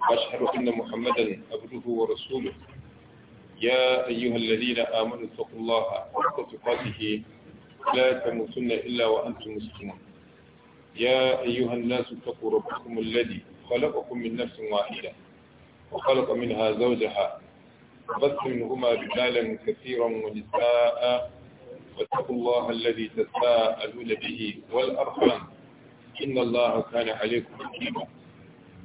وأشهد أن محمدا عبده ورسوله يا أيها الذين آمنوا اتقوا الله حق تقاته لا تموتن إلا وأنتم مسلمون يا أيها الناس اتقوا ربكم الذي خلقكم من نفس واحدة وخلق منها زوجها وبث منهما رجالا كثيرا ونساء واتقوا الله الذي تساءلون به والأرحام إن الله كان عليكم حكيما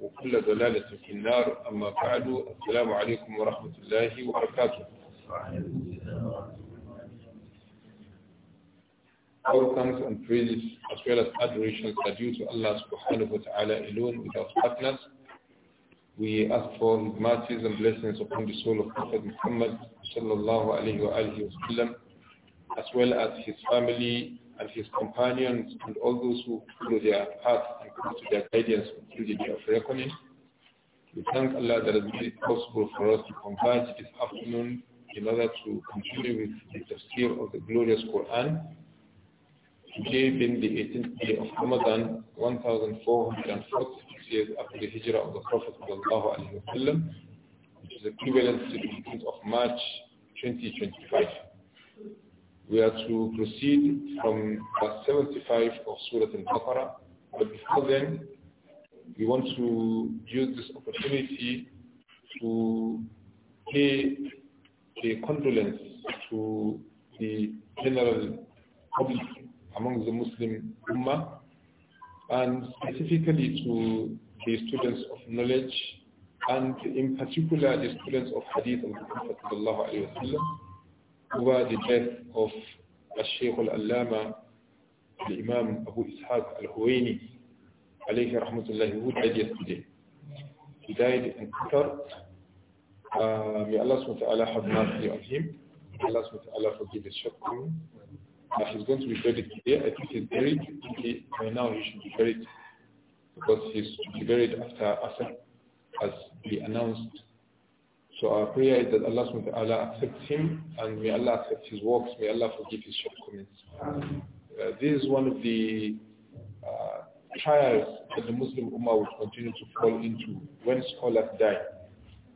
وكل ضلالة في النار أما بعد السلام عليكم ورحمة الله وبركاته All thanks and praises as well as adoration are due to Allah subhanahu wa ta'ala alone without partners. We ask for his mercies and blessings upon the soul of Prophet Muhammad sallallahu alayhi wa alihi wa sallam as well as his family and his companions and all those who follow their path to their guidance through the day of reckoning. We thank Allah that has made it possible for us to converge this afternoon in order to continue with the tafsir of the glorious Quran. Today being the 18th day of Ramadan, 1446 years after the hijrah of the Prophet وسلم, which is equivalent to the 18th of March 2025. We are to proceed from verse 75 of Surah Al-Baqarah but before then, we want to use this opportunity to pay a condolence to the general public among the Muslim Ummah and specifically to the students of knowledge and in particular the students of Hadith of the Prophet over the death of Al-Shaykh Al-Allama الإمام أبو إسحاق الهويني عليه رحمة الله هو died yesterday. He died in Qatar. سبحانه may Allah في have mercy on him. May Allah forgive his shortcomings. he's going to be buried today. I think he's buried. He, by now he should be buried because he's to be buried after Asr as he announced. So our prayer is that Allah subhanahu accepts him and may Allah accept his works. May Allah forgive his shortcomings. Uh, this is one of the uh, trials that the Muslim Ummah will continue to fall into when scholars die.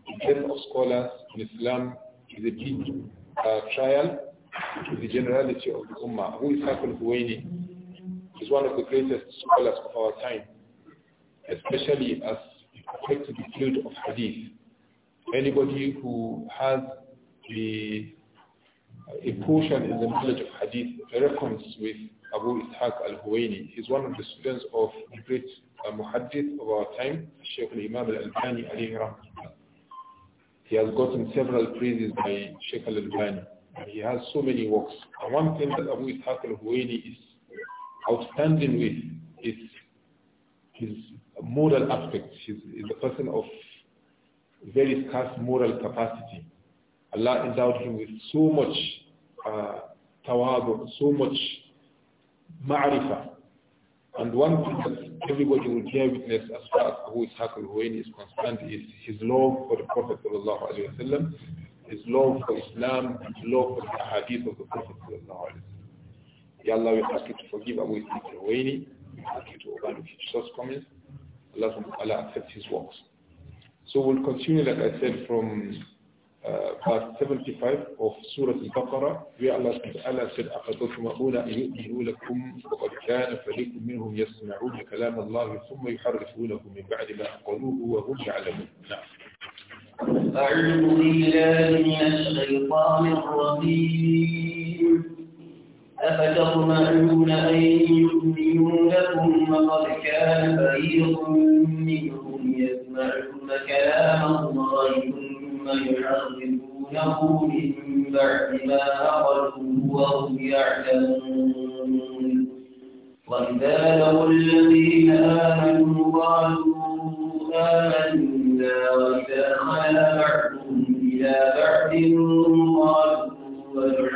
The death of scholars in Islam is a big uh, trial to the generality of the Ummah. Who is Hakul Huwaini? is one of the greatest scholars of our time, especially as it affects the field of Hadith. Anybody who has the a portion in the knowledge of hadith reckons with Abu Ishaq al-Huwaini. He's one of the students of the great uh, muhaddith of our time, Sheikh al-Imam al-Albani alayhi He has gotten several praises by Sheikh al-Albani. He has so many works. And one thing that Abu Ishaq al-Huwaini is outstanding with is his moral aspect. He's, he's a person of very scarce moral capacity. Allah endowed him with so much uh, tawadu, so much ma'rifah. And one thing that everybody will bear witness as far as Abu Ishaq al-Huwaini is concerned is his love for the Prophet ﷺ, his love for Islam, his love for the hadith of the Prophet ﷺ. Ya Allah, we ask you to forgive Abu Ishaq al-Huwaini, we ask you to overlook his shortcomings, Allah, Allah accept his works. So we'll continue, like I said, from 75 آه، of Surah Al-Baqarah, where Allah Ta'ala said, كَلَامَ اللَّهِ ثُمَّ يُحَرِّفُونَهُ مِنْ بَعْدِ مَا أَقَلُوهُ وَهُمْ يَعْلَمُونَ نعم. أعوذ بالله من الشيطان الرجيم أفتطمعون أن يؤمنوا لكم وقد كان فريق منهم يسمعون كلام الله يحرفونه من بعد ما عقلوه وهم يعلمون وإذا لو الذين آمنوا قالوا آمنا وإذا خلا بعضهم إلى بعض قالوا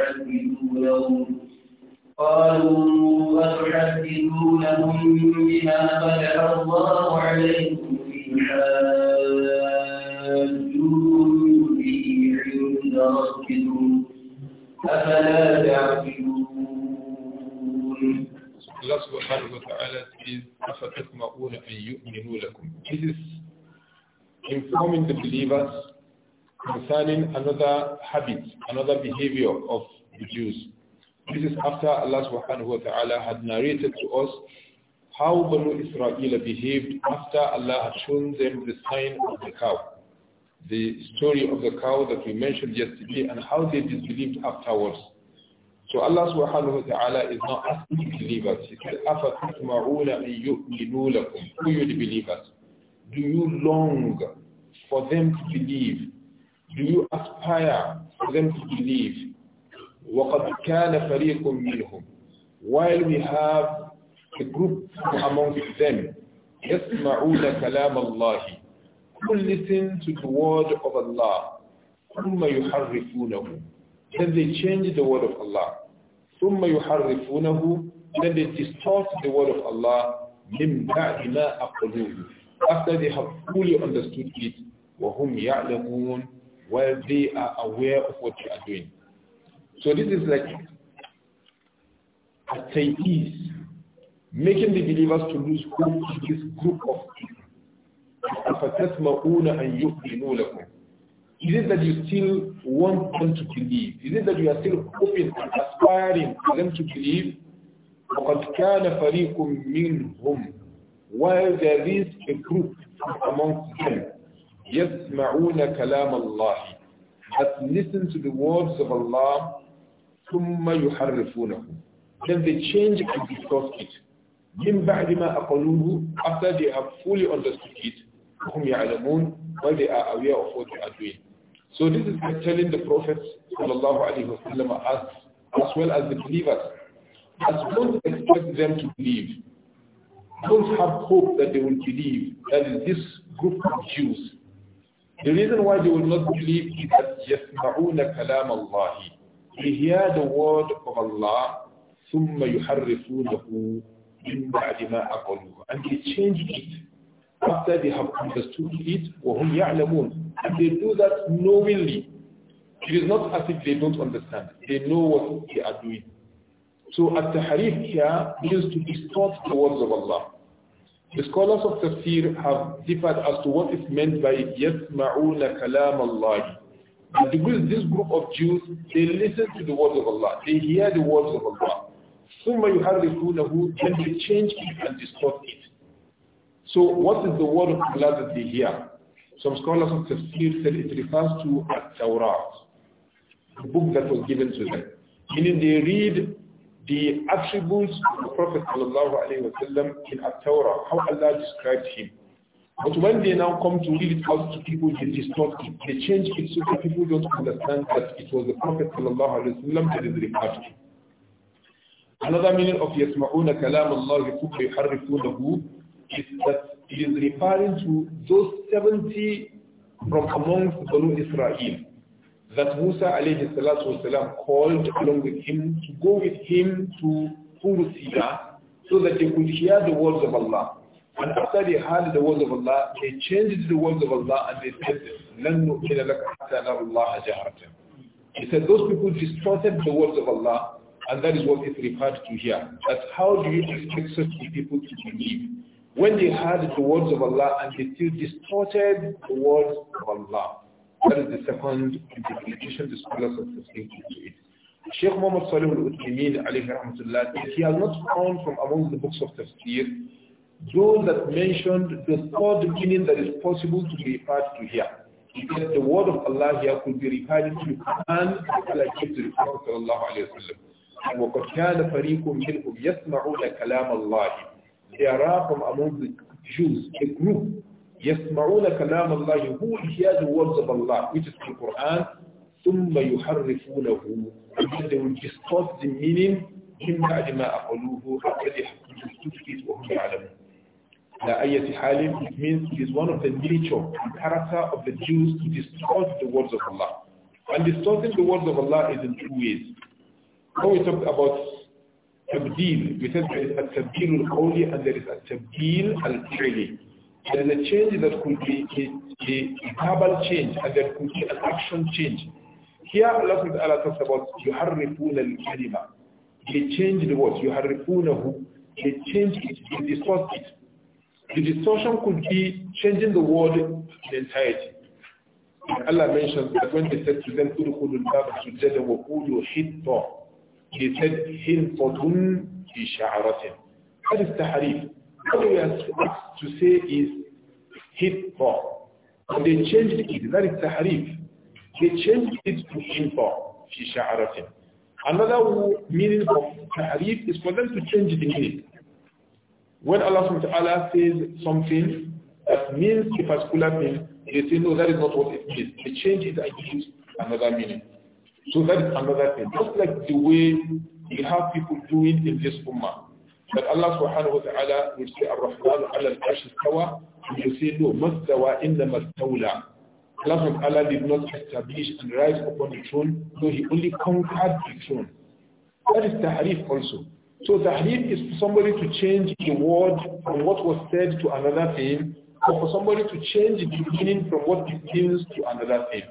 أتحدثونهم قالوا أتحدثونهم بما فتح الله عليكم في حاجون أَن يُؤْمِنُوا لَكُمْ This is informing the believers concerning another habit, another behavior of the Jews. This is after Allah subhanahu wa ta'ala had narrated to us how Banu Israel behaved after Allah had shown them the sign of the cow the story of the cow that we mentioned yesterday and how they disbelieved afterwards. So Allah subhanahu wa ta'ala is not asking believers. He said, أَفَتُطْمَعُونَ أَن يُؤْمِنُوا لَكُمْ Who you believers? Do you long for them to believe? Do you aspire for them to believe? وَقَدْ كَانَ فَرِيقٌ مِّنْهُمْ While we have a group amongst them, يَسْمَعُونَ كَلَامَ اللَّهِ who listen to the word of Allah, ثُمَّ يُحَرِّفُونَهُ Then they change the word of Allah. ثُمَّ يُحَرِّفُونَهُ Then they distort the word of Allah مِنْ بَعْدِ مَا After they have fully understood it, وَهُمْ يَعْلَمُونَ While they are aware of what you are doing. So this is like a takees, making the believers to lose hope in this group of people أَنْ يُؤْمِنُوا لَكُمْ Is it that you still want them to believe? Is it that you are still hoping and aspiring for them to believe? وَقَدْ كَانَ فَرِيقٌ مِّنْهُمْ While there is a group amongst them يَسْمَعُونَ كَلَامَ اللَّهِ That listen to the words of Allah ثُمَّ يُحَرِّفُونَهُ Then they change and discuss it. من بعد ما أقلوه after they have fully understood it whom they are aware of what they are doing. So this is telling the Prophet وسلم, as, as well as the believers, as don't expect them to believe. Don't have hope that they will believe. That is this group of Jews. The reason why they will not believe is that يَسْمَعُونَ كَلَامَ اللَّهِ They hear the word of Allah ثُمَّ يُحَرِّفُونَهُ مِنْ بَعْدِ مَا أَقَلُوهُ And they change it after they have understood it, And they do that knowingly. It is not as if they don't understand. They know what they are doing. So at-tahrif here means to distort the words of Allah. The scholars of tafsir have differed as to what is meant by يَسْمَعُونَ كَلَامَ اللَّهِ and this group of Jews, they listen to the words of Allah. They hear the words of Allah. ثُمَّ يُحَرِّفُونَهُ Then they change it and distort it. So what is the word of calamity here? Some scholars of tafsir said it refers to a tawrat the book that was given to them. Meaning they read the attributes of the Prophet ﷺ in At-Tawrah, how Allah described him. But when they now come to read it out to people, they distort it. They change it so that people don't understand that it was the Prophet ﷺ that is referred Another meaning of يَسْمَعُونَ كَلَامَ اللَّهِ ثُمَّ يُحَرِّفُونَهُ is that he is referring to those 70 from amongst Banu Israel that Musa alayhi salatu wasalam called along with him to go with him to Purusina so that they could hear the words of Allah. And after they heard the words of Allah, they changed the words of Allah and they said, لَنْ نُؤْمِنَ لَكَ حَتَّى نَرُ اللَّهَ جَهْرَةً He said, those people distorted the words of Allah and that is what is referred to here. That how do you expect such people to believe when they heard the words of Allah and they still distorted the words of Allah. That is the second interpretation the scholars have taken to it. Sheikh Muhammad Salih al-Uthaymeen alayhi rahmatullah, he has not found from among the books of tafsir those that mentioned the third meaning that is possible to be referred to here. Because the word of Allah here could be referred to the Quran like to the Prophet sallallahu alayhi wa sallam. وَقَدْ كَانَ فَرِيقٌ مِّنْهُمْ يَسْمَعُونَ كَلَامَ اللَّهِ there are from among the Jews a group يسمعون كلام الله who hear the words of Allah which is the Quran ثم يحرفونه and then they will distort the meaning من بعد ما أقلوه الذي تفكت وهم يعلمون على أي حال it means it is one of the nature and character of the Jews to distort the words of Allah and distorting the words of Allah is in two ways when we talk about tabdil. We said there is a tabdil al-qawli and there is a tabdil al-fi'li. There is a change that could be a, a, verbal change and there could be an action change. Here Allah Ta'ala talks about al-kalima. They change the word, يُحَرِّفُونَهُ They change it, they distort it. The distortion could be changing the word in entirety. Allah mentions that when they said to them, تُدْخُلُ الْبَابَ سُجَّدًا وَقُولُوا حِطَّةً he said, Hilfotun fi sha'aratin. That is tahrif. What we are asked to say is for," and they changed it. That is tahrif. They changed it to for fi sha'aratin. Another meaning of tahrif is for them to change the meaning. When Allah subhanahu wa ta'ala says something that means a particular thing, they say, no, that is not what it means. They change it and use another meaning. So that is another thing. Just like the way we have people doing in this ummah. That Allah subhanahu wa ta'ala will say, Ar-Rahman ala al-Ash and you say, no, mastawa inna mastawla. Allah subhanahu wa ta'ala did not establish and rise upon the throne, so he only conquered the throne. That is tahrif also. So tahrif is for somebody to change the word from what was said to another thing, or for somebody to change the meaning from what it means to another thing.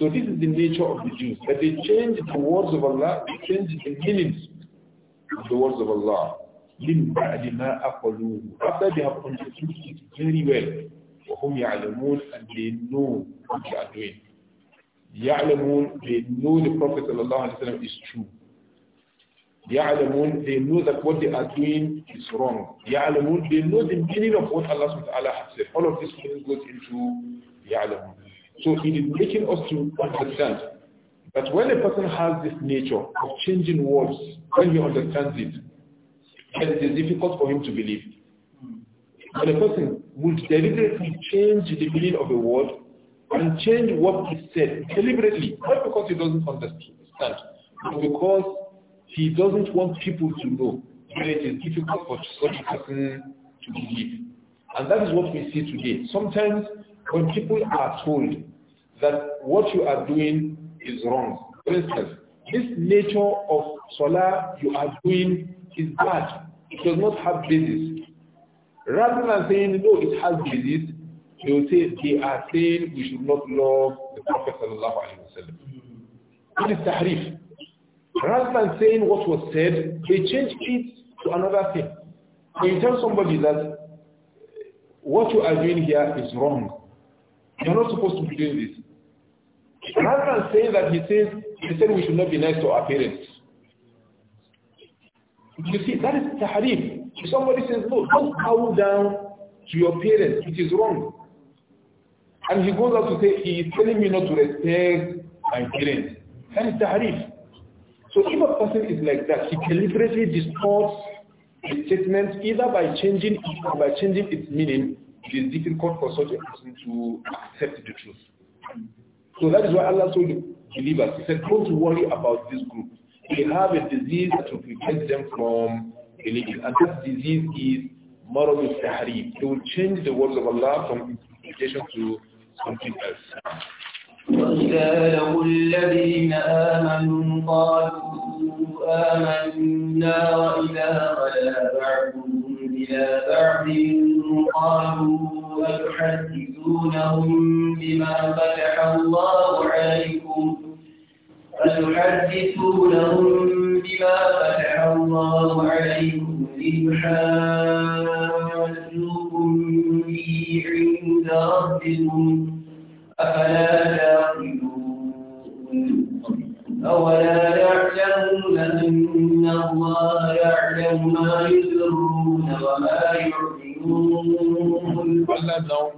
So this is the nature of the Jews, that they change the words of Allah, they change the meanings of the words of Allah. After they have understood it very well, and they know what they are doing. يعلمون, they know the Prophet ﷺ is true. يعلمون, they know that what they are doing is wrong. يعلمون, they know the meaning of what Allah subhanahu wa ta'ala has said. All of this goes into يعلمون. So it is making us to understand that when a person has this nature of changing words, when he understands it, then it is difficult for him to believe. When a person would deliberately change the meaning of a word and change he said deliberately, not because he doesn't understand, but because he doesn't want people to know, then it is difficult for such a person to believe. And that is what we see today. Sometimes when people are told that what you are doing is wrong. For instance, this nature of solar you are doing is bad. It does not have basis. Rather than saying, no, it has basis, they will say, they are saying we should not love the Prophet sallallahu alayhi wa sallam. That is tahrif. Rather than saying what was said, they change it to another thing. When you tell somebody that what you are doing here is wrong, you're not supposed to be doing this. Rather than saying that he says, he said we should not be nice to our parents. You see, that is tahrif. If somebody says, no, don't bow down to your parents, it is wrong. And he goes out to say, he is telling me not to respect my parents. That is tahrif. So if a person is like that, he deliberately distorts the statement either by changing it or by changing its meaning, it is difficult for such a person to accept the truth. So that is why Allah told believers, He said, don't worry about this group. They have a disease that will prevent them from believing. And that disease is moral tahreem. They will change the words of Allah from implication to something else. الذين آمنوا قالوا آمنا وإذا خلا بعضهم إلى بعض قالوا أتحدثونهم بما فتح الله عليكم أتحدثونهم بما فتح الله عليكم ليحاجوكم به عند ربكم أفلا تعقلون أولا يعلمون أن الله يعلم ما يسرون وما يعلمون Allah now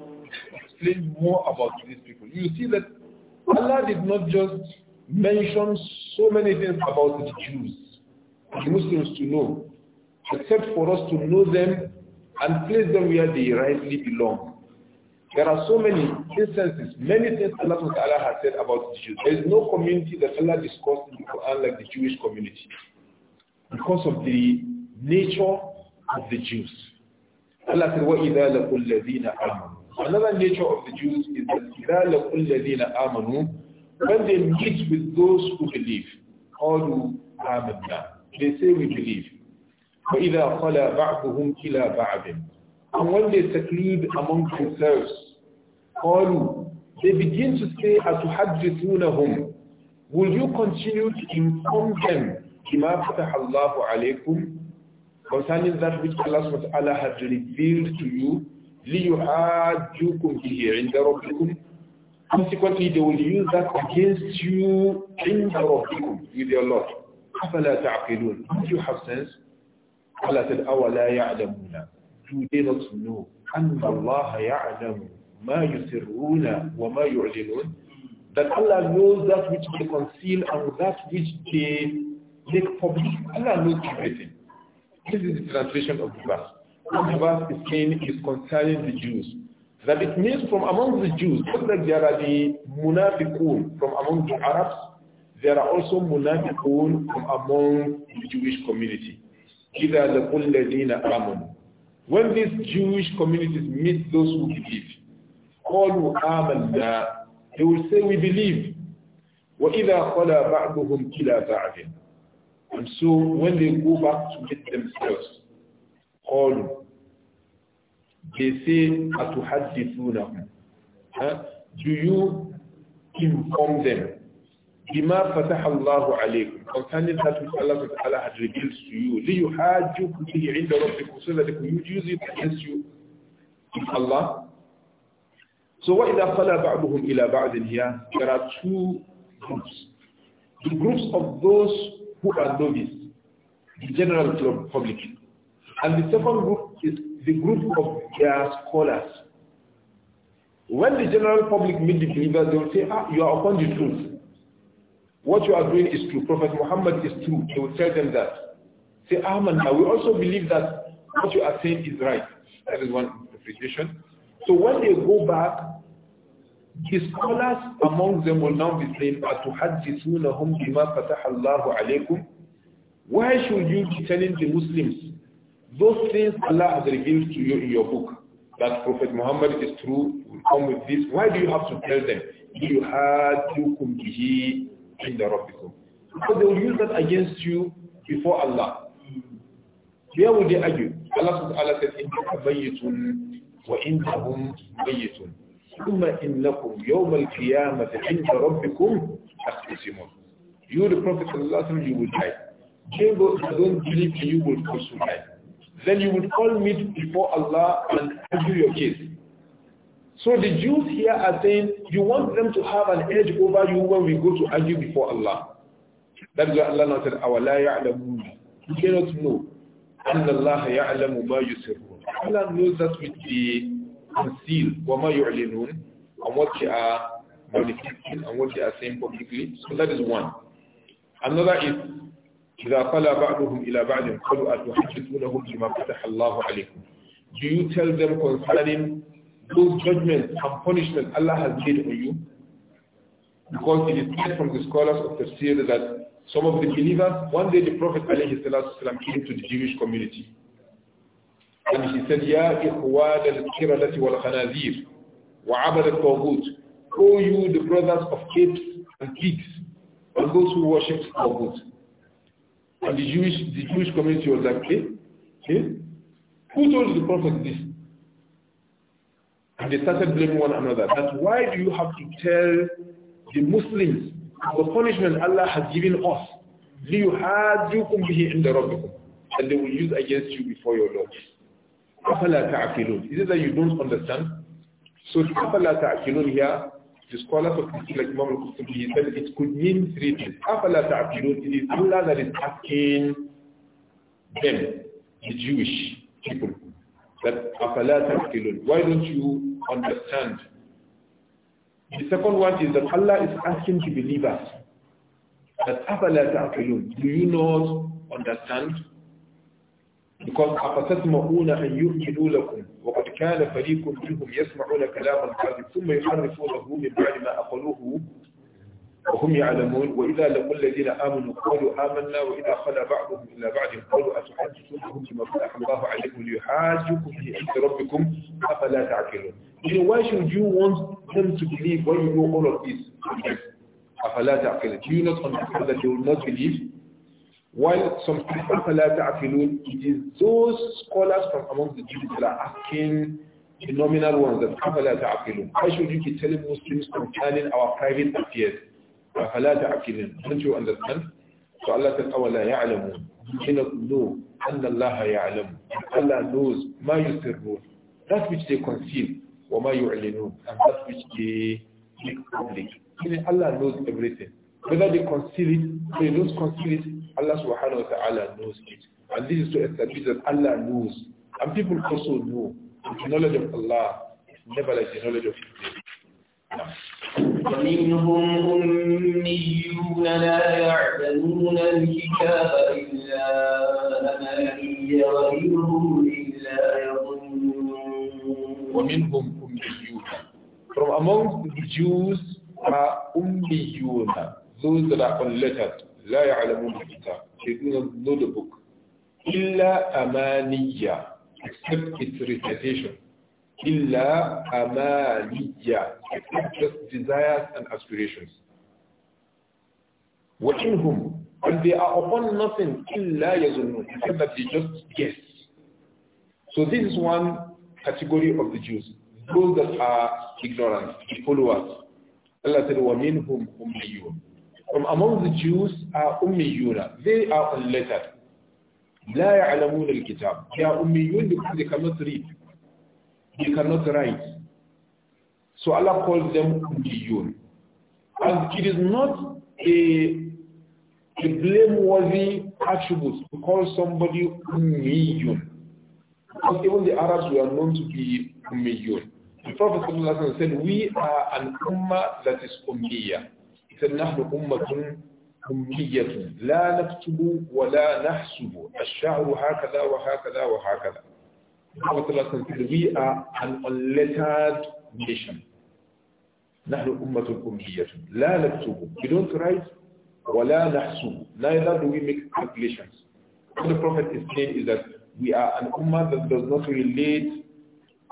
explain more about these people. You see that Allah did not just mention so many things about the Jews, the Muslims to know, except for us to know them and place them where they rightly belong. There are so many instances, many things Allah has said about the Jews. There is no community that Allah discussed in the Quran like the Jewish community because of the nature of the Jews. Allah said, وَإِذَا لَقُوا الَّذِينَ آمَنُوا Another nature of the Jews is that إِذَا لَقُوا الَّذِينَ آمَنُوا When they meet with those who believe, قَالُوا آمَنَّا They say we believe. وَإِذَا خَلَى بَعْضُهُمْ إِلَى بَعْضٍ and when they seclude among themselves, قالوا, they begin to say, أتحدثونهم, will you continue to inform them بما فتح الله عليكم concerning that which Allah SWT had revealed to you ليحاجوكم به عند ربكم Consequently, they will use that against you the ربكم with your Lord. أفلا تعقلون Don't you have sense? Allah said, أولا يعلمون you did not know أن الله يعلم ما يسرون وما يعلنون that Allah knows that which they conceal and that which they make public. Allah knows everything. This is the translation of the verse. What the verse is saying is concerning the Jews. That it means from among the Jews, just like there are the munafiqun from among the Arabs, there are also munafiqun from among the Jewish community. إِذَا لَقُوا الَّذِينَ آمَنُوا when these Jewish communities meet those who believe, قالوا آمنا, they will say, we believe. وَإِذَا خَلَى بَعْضُهُمْ إِلَى بَعْضٍ And so when they go back to meet themselves, قالوا, they say, أَتُحَدِّثُونَهُمْ huh? Do you inform them? فَتَحَ اللَّهُ عَلَيْكُمْ concerning that which Allah Ta'ala had revealed to you. لِيُحَاجُّكُمْ بِهِ عِنْد رَبِّكُمْ So that they could use it against you with Allah. So وَإِذَا خَلَى بَعْضُهُمْ إِلَى بَعْضٍ here, there are two groups. The groups of those who are novice, the general public. And the second group is the group of their scholars. When the general public meet the believers, they will say, ah, you are upon the truth. What you are doing is true. Prophet Muhammad is true. He will tell them that. Say, Ahman, Now, we also believe that what you are saying is right. That is one interpretation. So when they go back, the scholars among them will now be saying, أَتُحَدِّثُونَهُمْ بِمَا فَتَحَ اللَّهُ عَلَيْكُمْ Why should you be telling the Muslims those things Allah has revealed to you in your book? That Prophet Muhammad is true, will come with this. Why do you have to tell them? لِيُحَادُّكُمْ بِهِ عند ربكم But they will use that against you before Allah. Where will they argue? Allah says, Allah ta'ala said, إِنَّكَ مَيِّتٌ وَإِنَّهُمْ مَيِّتٌ ثُمَّ إِنَّكُمْ يَوْمَ الْقِيَامَةِ عِنْدَ رَبِّكُمْ تَخْتَصِمُونَ You, the Prophet sallallahu you will die. They don't believe you will also die. Then you will all meet before Allah and argue your case. So the Jews here are saying, you want them to have an edge over you when we go to argue before Allah. That is why Allah now said, "Our la ya'lamun." You cannot know. أَنَّ اللَّهَ يَعْلَمُ مَا يُسِرُّونَ Allah knows that with the conceal, وَمَا يُعْلِنُونَ, and what they are manifesting and what they are saying publicly. So that is one. Another is, إِذَا قَلَى بَعْضُهُمْ إِلَى بَعْضٍ قَلُوا أَتُحَدِّثُونَهُمْ بِمَا فَتَحَ اللَّهُ عَلَيْكُمْ Do you tell them concerning those judgments and punishment Allah has made on you. Because it is said from the scholars of Tafsir that some of the believers, one day the Prophet ﷺ came to the Jewish community. And he said, Ya ikhwan al-kiradati wal-khanazir wa'abad al-tawgut. you, the brothers of apes and pigs, and those who worship tawgut. And the Jewish, the Jewish community was like, hey, eh? eh? hey, who told the Prophet this? And they started blaming one another. That's why do you have to tell the Muslims the punishment Allah has given us? لِيُحَاجُّكُمْ بِهِ عِنْدَ And they will use against you before your Lord. أَفَلَا تَعْقِلُونَ Is it that you don't understand? So أَفَلَا تَعْقِلُونَ here, the scholars of Islam, like Imam al-Qusayb, he said it could mean three things. أَفَلَا تَعْقِلُونَ It is Allah that is asking them, the Jewish people, that أَفَلَا تَعْقِلُونَ Why don't you understand. The second one is that Allah is asking the believers that أَفَلَا تَعْقِلُونَ Do you not understand? Because أَفَتَسْمَعُونَ أَنْ يُؤْمِنُوا لَكُمْ وَقَدْ كَانَ فَرِيقٌ مِنْهُمْ يَسْمَعُونَ كَلَامَ الْحَدِث ثُمَّ يُحَرِّفُونَهُ مِنْ بَعْدِ مَا أَقَلُوهُ وهم يعلمون وإذا الذين آمنوا قالوا آمنا وإذا بعضهم إلى قالوا أتحدثونهم بما فتح الله عليكم ليحاجكم عند ربكم أفلا تعقلون You know, why should you want them to believe when you know all of this? أفلا تعقلون Do you not understand that they will not believe? While some people أفلا تعقلون It is those scholars from among the Jews that are asking the nominal ones that أفلا تعقلون Why should you be telling Muslims concerning our private affairs? فلا تعقلون don't you understand so يعلمون they not أن الله يعلم Allah نُوزْ ما يسرون that which they conceal وما يعلنون and that which they make public meaning Allah knows everything whether they conceal it they don't conceal it Allah subhanahu wa ta'ala knows it and this is to establish that Allah knows and people also know the knowledge of Allah is never like the knowledge of people. ومنهم أميون لا يعلمون الكتاب إلا أمانية وإنهم إلا يظنون ومنهم أميون From among the Jews are أميون those that are unlettered لا يعلمون الكتاب they do not know the book إلا أمانية except its recitation illa amaliya, just desires and aspirations. وَإِنْهُمْ And they are upon nothing illa يَظُنُّونَ Except that they just guess. So this is one category of the Jews. Those that are ignorant, the followers. Allah said, وَمِنْهُمْ أُمِّيُّونَ From among the Jews are ummiyuna. They are unlettered. لا يعلمون الكتاب. They are ummiyun because they cannot read. They cannot write. So Allah calls them Ummiyun. And it is not a, a blameworthy attribute to call somebody Ummiyun. Because even the Arabs were known to be Ummiyun. The Prophet said, we are an ummah that is ummiyah. He said, نحن أمة أمية لا نكتب ولا نحسب الشعر هكذا وهكذا وهكذا we are an unlettered nation. نحن أمة أمية لا نكتب we don't write ولا نحسب neither do we make calculations what the prophet is saying is that we are an ummah that does not relate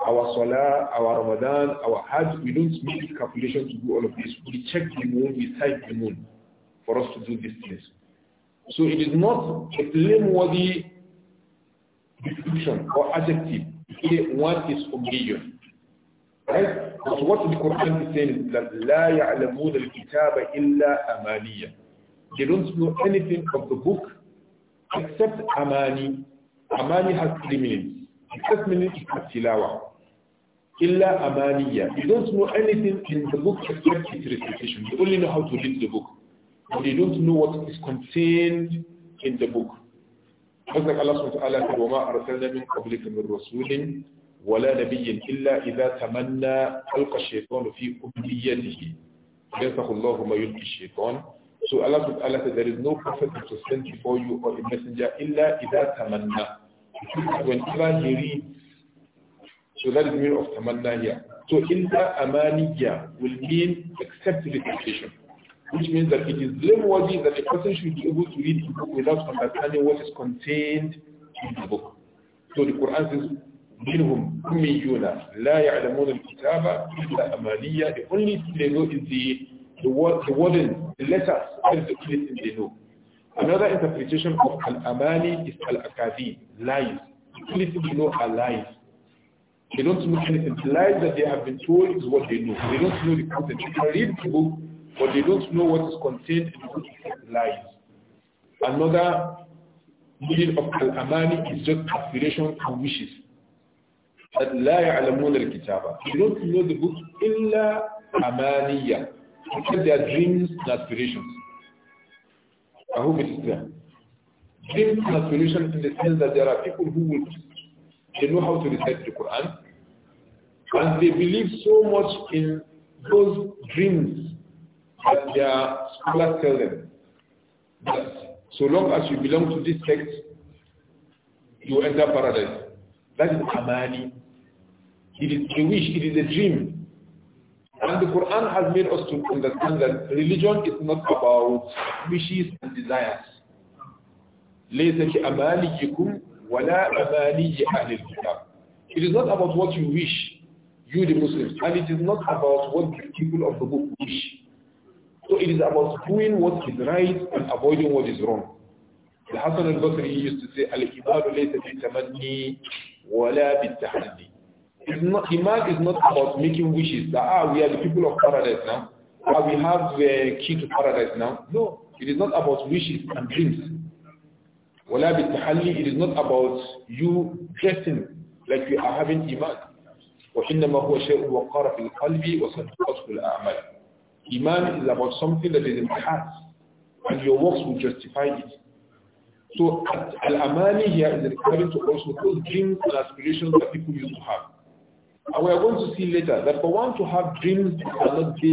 our salah our ramadan our hajj we don't make calculations to do all of this we check the moon we sight the moon for us to do these things so it is not a blameworthy description or adjective, here one is ummiyun. Right? But what the Quran is saying is that لا يعلمون الكتاب إلا أمانية. They don't know anything of the book except Amani. Amani has three meanings. The first meaning is Tilawa. Illa Amaniya. They don't know anything in the book except its recitation. They only know how to read the book. But they don't know what is contained in the book. Hazak so Allah said there is no prophet to send before you or a messenger illa idza he reads so that is the meaning of tamanna here so إِلَّا amaniya will mean accept the expectation which means that it is blameworthy that a person should be able to read a book without understanding what is contained in the book. So the Quran says, منهم أميون لا يعلمون الكتاب إلا أمانية the only thing they know is the the word the wording the letters is the only thing they know another interpretation of al-amani is al-akadi lies the only thing they know are lies they don't know anything the lies that they have been told is what they know they don't know the content you can read the book but they don't know what is contained in the lies. Another meaning of al-amani is just aspiration and wishes. They don't know the book إلا أمانية. Except their dreams and aspirations. I hope it is clear. Dreams and aspirations in the sense that there are people who will, they know how to recite the Quran, and they believe so much in those dreams as their scholars tell them that so long as you belong to this sect, you enter paradise. That is Amani. It is a wish, it is a dream. And the Quran has made us to understand that religion is not about wishes and desires. It is not about what you wish, you the Muslims, and it is not about what the people of the book wish. So it is about doing what is right and avoiding what is wrong. The Hassan al-Basri used to say, Al-Imadu laysa bi-tamanni wa la bi-tahaddi. Iman is not about making wishes that, ah, we are the people of paradise now. Ah, we have the key to paradise now. No, it is not about wishes and dreams. Wa la bi-tahalli, it is not about you dressing like you are having Iman. وإنما هو شيء وقار في القلب وصدقته الأعمال Iman is about something that is in the heart, and your works will justify it. So Al-Amani here is referring to also those dreams and aspirations that people used to have. And we are going to see later that for one to have dreams that are not based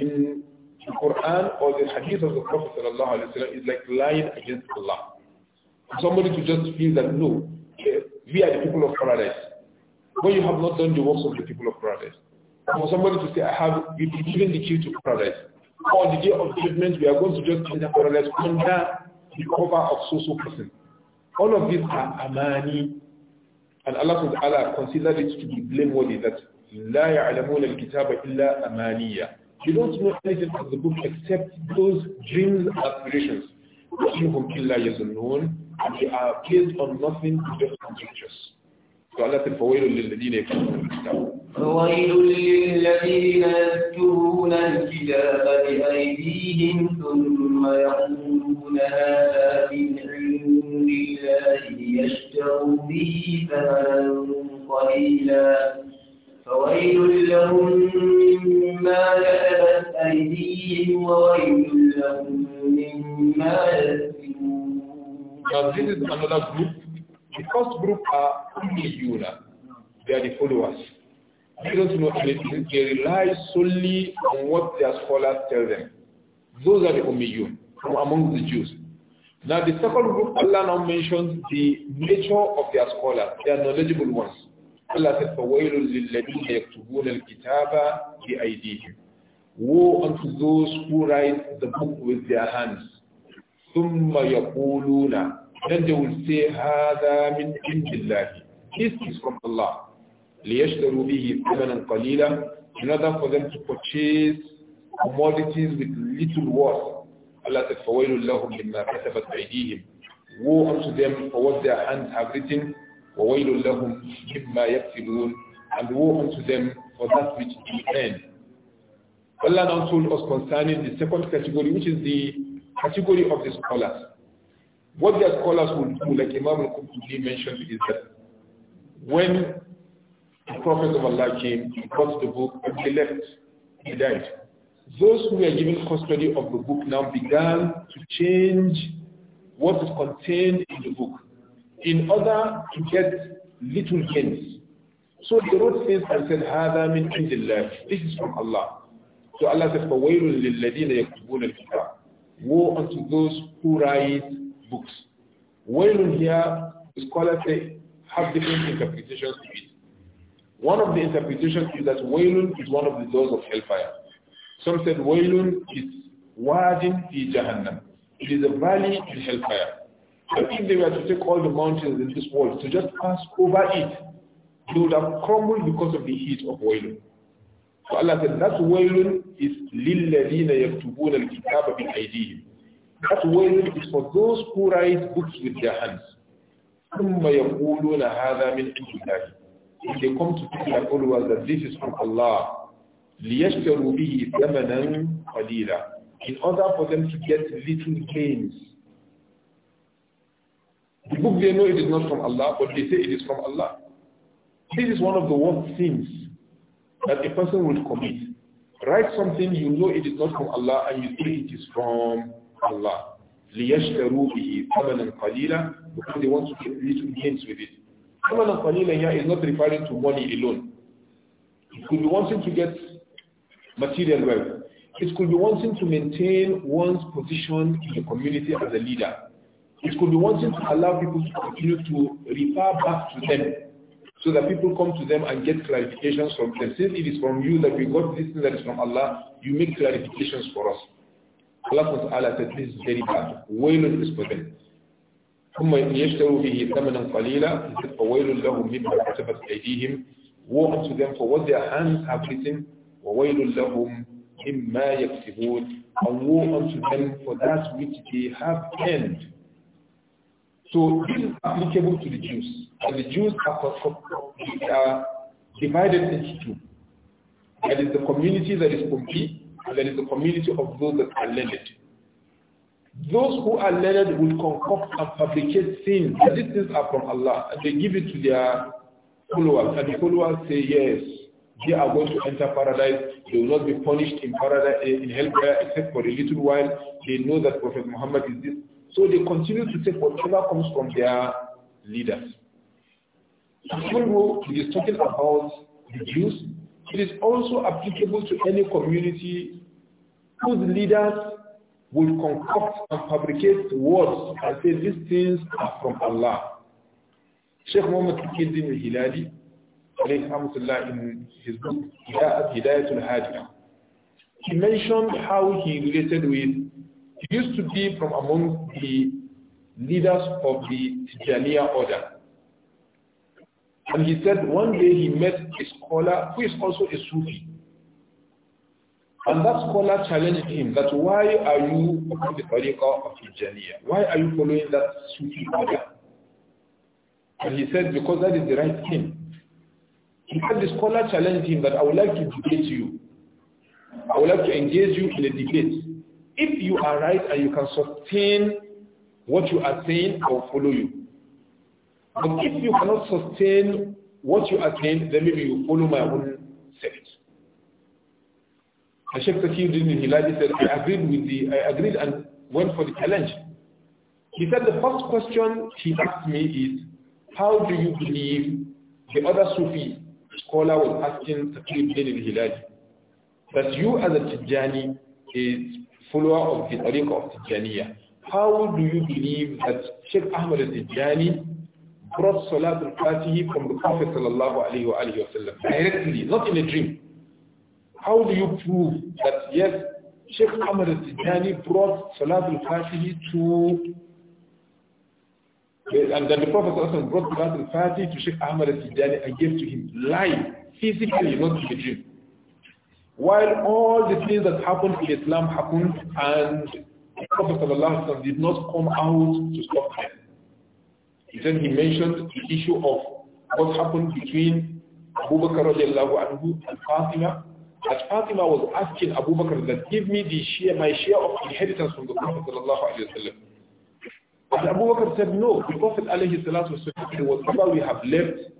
in the Quran or the Hadith of the Prophet is like lying against Allah. Somebody to just feel that no, eh, we are the people of paradise. When you have not done the works of the people of paradise for somebody to say, I have been given the key to paradise. On the day of judgment, we are going to just enter paradise under the cover of social so person. All of these are amani. And Allah subhanahu wa ta'ala considered it to be blameworthy that لا يعلمون الكتاب إلا أمانية. They don't know anything of the book except those dreams and aspirations. وإنهم إلا يظنون. And they are based on nothing but conjectures. قالت فويل للذين يكتبون الكتاب فويل للذين يكتبون الكتاب بأيديهم ثم يقولون هذا من عند الله ليشتروا به ثمنا قليلا فويل لهم مما كتبت أيديهم وويل لهم مما يكتبون. The first group are Ummiyuna. They are the followers. They don't know anything. They rely solely on what their scholars tell them. Those are the Ummiyun from among the Jews. Now the second group, Allah now mentions the nature of their scholars. They are knowledgeable ones. Allah said, فَوَيْلٌ لِلَّذِينَ يَكْتُبُونَ الْكِتَابَ بِأَيْدِيهِمْ Woe unto those who write the book with their hands. ثُمَّ يَقُولُونَ then they will say هذا من عند الله this is from Allah ليشتروا به ثمنا قليلا in order for them to purchase commodities with little worth Allah said فويل لهم مما كتبت أيديهم woe unto them for what their hands have written وويل لهم مما يكسبون and woe unto them for that which they earn Allah now told us concerning the second category which is the category of the scholars what their scholars will do, like Imam al mentioned, is that when the Prophet of Allah came, he got the book, and he left, he died. Those who were given custody of the book now began to change what is contained in the book in order to get little gains. So the wrote things and said, "Hada min عند This is from Allah. So Allah said, Woe unto those who write books. Wailun here, scholars say, have different interpretations of it. One of the interpretations is that Wailun is one of the doors of hellfire. Some said Wailun is Wadin fi Jahannam. It is a valley in hellfire. So if they were to take all the mountains in this world to just pass over it, they would have crumbled because of the heat of Wailun. So Allah said, that Wailun is لِلَّذِينَ يَكْتُبُونَ الْكِتَابَ بِأَيْدِيهِمْ that wailing is for those who write books with their hands. ثم If they come to tell their followers that this is from Allah, ليشتروا به ثمنا قليلا. In order for them to get little gains. The book they know it is not from Allah, but they say it is from Allah. This is one of the worst sins that a person will commit. Write something you know it is not from Allah and you say it is from Allah. لِيَشْتَرُوا بِهِ ثَمَنًا قَلِيلًا Because they want to get little gains with it. ثَمَنًا قَلِيلًا here is not referring to money alone. It could be wanting to get material wealth. It could be wanting to maintain one's position in the community as a leader. It could be wanting to allow people to continue to refer back to them so that people come to them and get clarifications from them. Since it is from you that we got this thing that is from Allah, you make clarifications for us. Allah Ta'ala said this is ثم يشتروا به ثمنا قليلا فويل لهم مما كتبت أيديهم Woe unto them for what their hands have written وويل لهم مما يكسبون and woe unto them for that which they have earned. So this is applicable to the Jews. And the Jews are, divided into two. That is the community that is complete and there is a community of those that are learned. Those who are learned will concoct and fabricate things. These things are from Allah. And they give it to their followers. And the followers say, yes, they are going to enter paradise. They will not be punished in paradise, eh, in hellfire, except for a little while. They know that Prophet Muhammad is this. So they continue to take whatever comes from their leaders. Even though he is talking about the Jews, it is also applicable to any community whose leaders will concoct and fabricate words and say these things are from Allah. Sheikh Muhammad Kidin al-Hilali, in his book, Hidayatul Hadiya, he mentioned how he related with, he used to be from among the leaders of the Tijaniya order. And he said one day he met a scholar who is also a Sufi. And that scholar challenged him that why are you following the tariqah of Tijaniya? Why are you following that Sufi order? And he said, because that is the right thing. He said the scholar challenged him that I would like to debate you. I would like to engage you in a debate. If you are right and you can sustain what you are saying, I will follow you. But if you cannot sustain what you attain, then maybe you follow my own sect. And Sheikh Sakir Dini Hilali said, I agreed with the, I agreed and went for the challenge. He said the first question he asked me is, how do you believe the other Sufi scholar was asking Sakir Dini that you as a Tijani is follower of the Tariq of Tijaniya. How do you believe that Sheikh Ahmed al-Tijani brought Salatul Fatihi from the Prophet sallallahu alayhi wa sallam directly, not in a dream. How do you prove that yes, Sheikh Ahmad al-Tijani brought Salatul Fatihi to and then the Prophet ﷺ brought Salatul Fatihi to Sheikh Ahmad al-Tijani and gave to him live, physically, not in a dream. While all the things that happened in Islam happened and the Prophet ﷺ did not come out to stop him. Then he mentioned the issue of what happened between Abu Bakr anhu and Fatima. As Fatima was asking Abu Bakr that give me the share, my share of inheritance from the Prophet sallallahu alayhi wa sallam. And Abu Bakr said, no, the Prophet alayhi salatu wasallam, whatever we have left,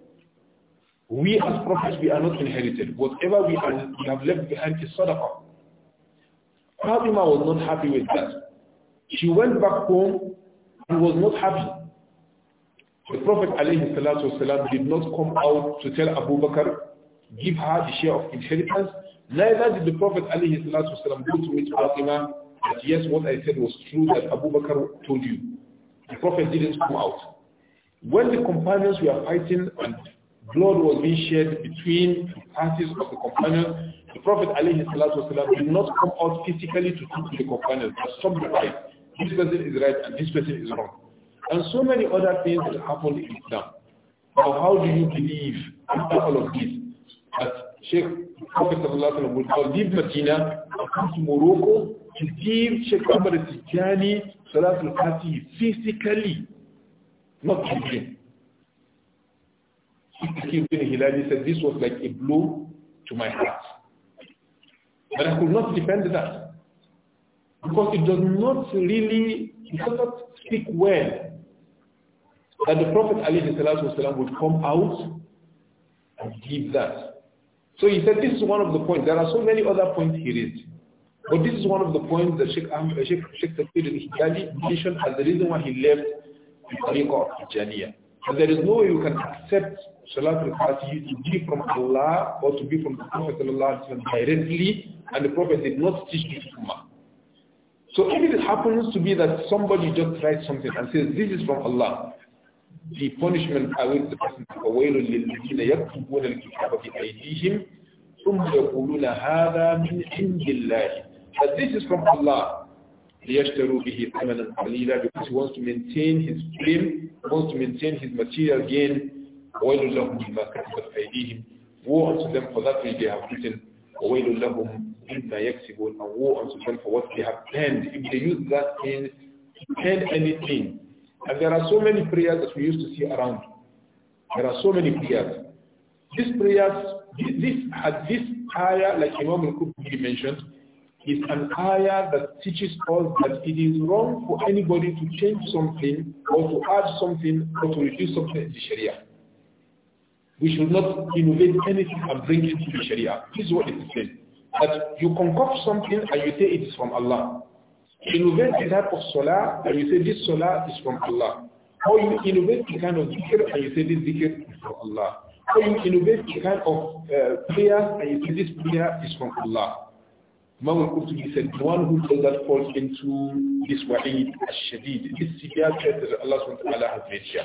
we as prophets, we are not inherited. Whatever we, are, we have left behind is sadaqah. Fatima was not happy with that. She went back home and was not happy. The Prophet والسلام, did not come out to tell Abu Bakr, give her the share of inheritance. Neither did the Prophet والسلام, go to meet Fatima that yes, what I said was true that Abu Bakr told you. The Prophet didn't come out. When the companions were fighting and blood was being shed between the parties of the companions, the Prophet والسلام, did not come out physically to talk to the companions, but stop the fight. This person is right and this person is wrong and so many other things that happen in Islam. Now, how do you believe after all of this that Sheikh Prophet would now leave Medina and come to Morocco to give Sheikh Ahmad Tijani Al Fatih physically, not giving. Ibn Hilali said this was like a blow to my heart. But I could not defend that. Because it does not really, it does not speak well that the Prophet والسلام, would come out and give that. So he said this is one of the points. There are so many other points he raised. But this is one of the points that Sheikh, Ahmed, uh, Sheikh, Sheikh Tafir al-Hijali mentioned as the reason why he left the Tariqah of Hijaliya. And there is no way you can accept Salatul Fatihi to be from Allah or to be from the Prophet directly and the Prophet did not teach do Ummah. So if it happens to be that somebody just writes something and says this is from Allah, the punishment I will the person فَوَيْلٌ لِلَّذِينَ يَكْتُبُونَ الْكِتَابَ بِأَيْدِيهِمْ ثُمَّ يَقُولُونَ هَذَا But this is from Allah. لِيَشْتَرُوا بِهِ ثَمَنًا قَلِيلًا Because he wants to maintain his fame, wants to maintain his material gain. وَيْلٌ لَهُمْ مِمَّا كَتَبَتْ أَيْدِيهِمْ Woe unto them for that which they have written. وَوَيْلٌ لَهُمْ مِمَّا يَكْسِبُونَ And woe unto them for what they have planned. If they use that in to plan anything, and there are so many prayers that we used to see around. There are so many prayers. These prayers, this, uh, this ayah, like Imam al mentioned, is an ayah that teaches us that it is wrong for anybody to change something or to add something or to reduce something in the Sharia. We should not innovate anything and bring it to the Sharia. This is what it is saying. That you concoct something and you say it is from Allah innovate the type of salah and you say this salah is from Allah. Or innovate the kind of zikr and you say this zikr is from Allah. Or innovate the kind of prayer and you say this prayer is from Allah. Imam said, one who does that fall into this wa'id al-shadid, this severe threat that Allah subhanahu has made here.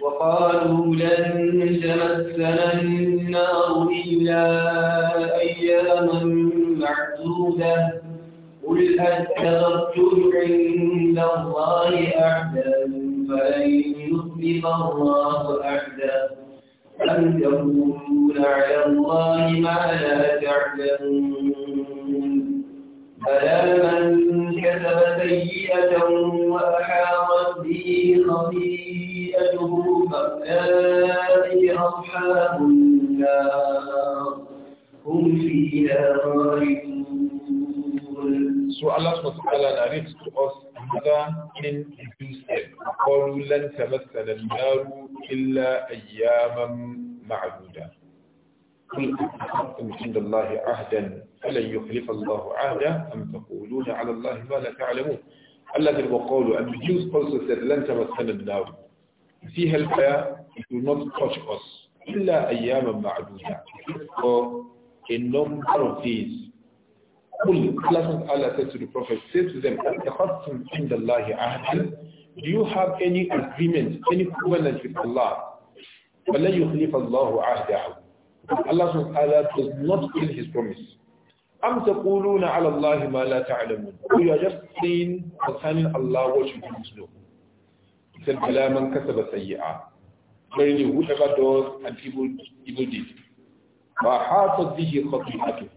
وقالوا لن تمسنا النار إلا أياما معدودة قل أتخذتم عند الله أحدا فلن يصدق الله أحدا أم تقولون على الله ما لا تعلمون فلا من كسب سيئة وأحاطت به خطيئته فأولئك أصحاب النار هم فيها خالدون So Allah subhanahu wa ta'ala narrates to us another in His step. قَالُوا لَنْ تمثل النَّارُ إِلَّا أَيَّامًا مَعْدُودًا قل أحقتم عند الله عهدا فلن يخلف الله عهدا أم تقولون على الله ما لا تعلمون الذي وقالوا and the Jews also said لن تمثل النار see hellfire it will not touch us إلا أياما معدودة for a number of days Allah said to the Prophet, say to them, Do you have any agreement, any covenant with Allah? Allah Allah does not kill his promise. أم تقولون على الله ما لا تعلمون We are just saying concerning Allah what you don't know. He said, بلا من كسب سيئة Verily, whoever does an evil, evil deed. فحاطت به خطيئته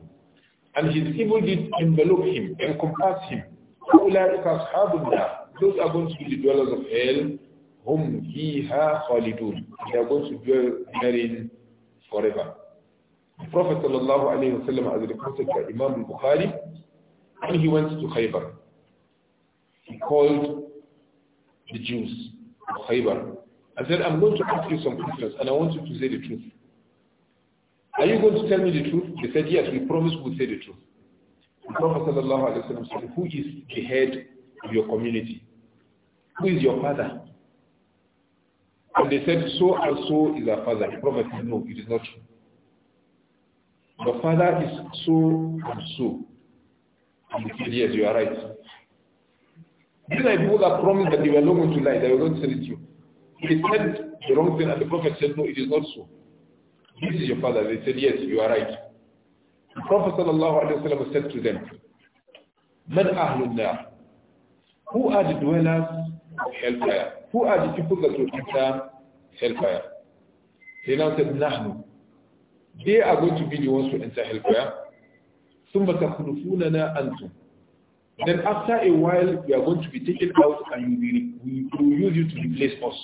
and his evil did envelop him, encompass him. Those are going to be the dwellers of hell, whom he ha khalidun. They are going to dwell therein forever. The Prophet sallallahu alayhi wasallam, as reported by Imam Bukhari, when he went to Khaybar, he called the Jews of Khaybar and said, I'm going to ask you some questions and I want you to say the truth. Are you going to tell me the truth? They said, Yes, we promise we'll say the truth. The Prophet said, Who is the head of your community? Who is your father? And they said, So and so is our father. The Prophet said, No, it is not true. The father is so and so. And they said, Yes, you are right. These are people that promised that they were not going to lie, they were going to tell the truth. They said the wrong thing, and the Prophet said, No, it is not so. This is your father. They said, yes, you are right. The Prophet ﷺ said to them, Man ahlun nar? Who are the dwellers of hellfire? Who are the people that will enter hellfire? They now said, Nahnu. They are going to be the ones who enter hellfire. ثُمَّ تَخْلُفُونَنَا أَنْتُمْ Then after a while, we are going to be taken out and we will use you to replace us.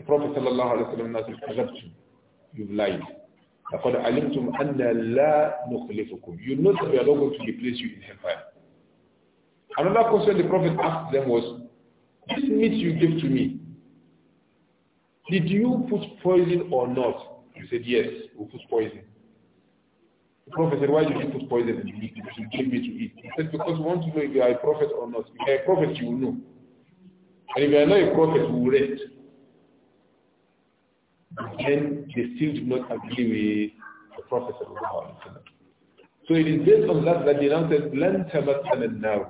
The Prophet ﷺ said, You've lied. لقد علمتم أن لا نخلفكم. You know that we are not going to replace you in hellfire. Another question the Prophet asked them was, this meat you gave to me, did you put poison or not? You said, yes, we put poison. The Prophet said, why did you put poison in the meat that you gave me to eat? He said, because we want to know if you are a prophet or not. If you are a prophet, you will know. And if you are not a prophet, we will rest then they still do not agree with the Prophet So it is based on that that the Imam says, لَنْ تَمَثَّنَ النَّارُ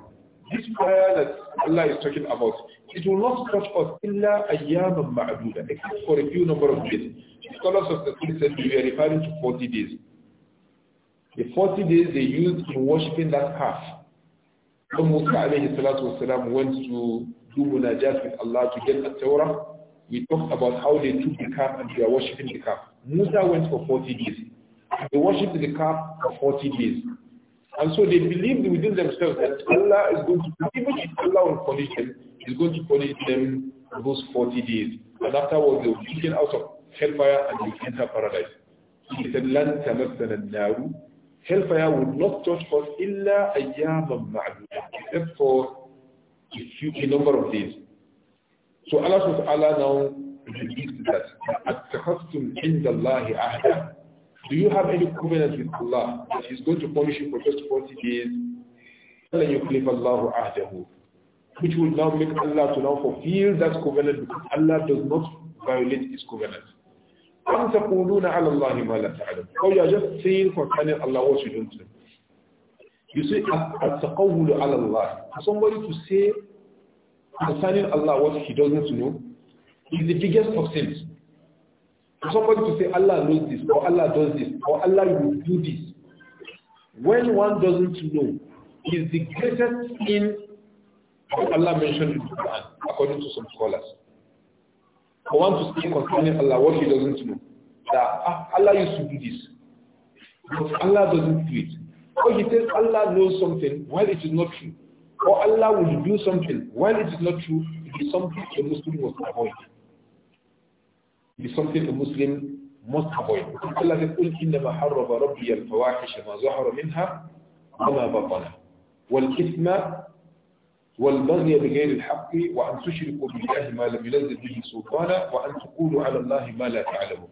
This prayer that Allah is talking about, it will not touch us إِلَّا أَيَّامًا مَعْدُودًا except for a few number of days. Scholars of the Quran said we are referring to 40 days. The 40 days they used in worshipping that calf. So Musa alayhi went to do munajat with Allah to get a Torah, we talked about how they took the calf and they are worshipping the calf. Musa went for 40 days. They worshipped the calf for 40 days. And so they believed within themselves that Allah is going to, even if Allah will punish them, is going to punish them those 40 days. And afterwards they will be taken out of hellfire and they will enter paradise. He said, لَن تَمَسَّنَ النَّارُ Hellfire will not touch us إِلَّا أَيَّامًا مَعْدُودًا Except for a, few, a number of days. So Allah says, Allah now repeats that, أَتَّخَذْتُمْ عِنْدَ اللَّهِ عَهْدًا Do you have any covenant with Allah that He's going to punish you for just 40 days? فَلَنْ يُخْلِفَ اللَّهُ عَهْدَهُ Which will now make Allah to now fulfill that covenant because Allah does not violate His covenant. أَمْ تَقُولُونَ عَلَى اللَّهِ مَا لَا تَعْلَمُ Or you are just saying concerning Allah what you don't know. You say, أَتَّقَوْلُ عَلَى اللَّهِ For somebody to say Understanding Allah what he doesn't know is the biggest of sins. For somebody to say Allah knows this or Allah does this or Allah will do this when one doesn't know is the greatest sin Allah mentioned in the Quran according to some scholars. For one to say concerning Allah what he doesn't know that ah, Allah used to do this but Allah doesn't do it. Or he says Allah knows something while it is not true or Allah will do something while it is not true, it is something a Muslim must avoid. It is something a Muslim must avoid. Allah said, قُلْ إِنَّمَا حَرَّبَ رَبِّيَ الْفَوَاحِشَ مَا ظَهَرَ مِنْهَا وَمَا بَطَنَ وَالْإِثْمَ والبغي بغير الحق وأن تشركوا بالله ما لم ينزل به سلطانا وأن تقولوا على الله ما لا تعلمون.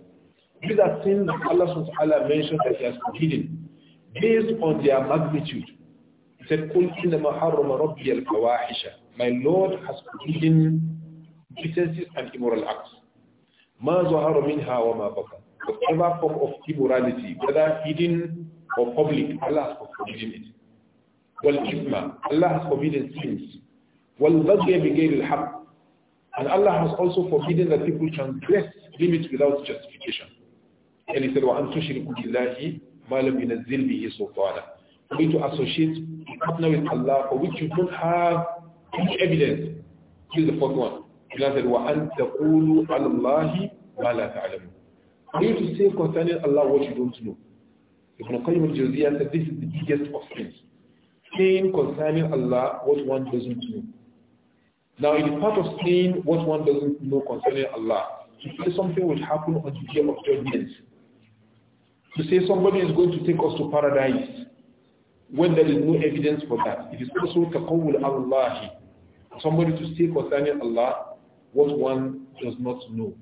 These are sins Allah subhanahu wa ta'ala mentioned that he has forbidden based on their magnitude said, قُلْ إِنَّمَا حَرَّمَ رَبِّيَ الْفَوَاحِشَ My Lord has forbidden decencies and immoral acts. مَا زَهَرَ مِنْهَا وَمَا بَطَنَ Whatever form of immorality, whether hidden or public, Allah has forbidden it. وَالْإِثْمَ Allah has forbidden sins. وَالْبَغْيَ بِغَيْرِ الْحَقِّ And Allah has also forbidden that people transgress limits without justification. And he said, وَأَنْ تُشْرِكُ بِاللَّهِ مَا لَمْ يُنَزِّلْ بِهِ سُلْطَانًا for you to associate a partner with Allah for which you don't have any evidence. Here's the fourth one. Allah said, وَأَن تَقُولُوا عَلَى اللَّهِ مَا لَا For you to say concerning Allah what you don't know. Ibn Qayyim al-Jawziyah said this is the biggest offense. Saying concerning Allah what one doesn't know. Now the part of saying what one doesn't know concerning Allah. To say something will happen on the day of judgment. To say somebody is going to take us to paradise when there is no evidence for that. It is also taqawul Allah, somebody to say concerning Allah what one does not know.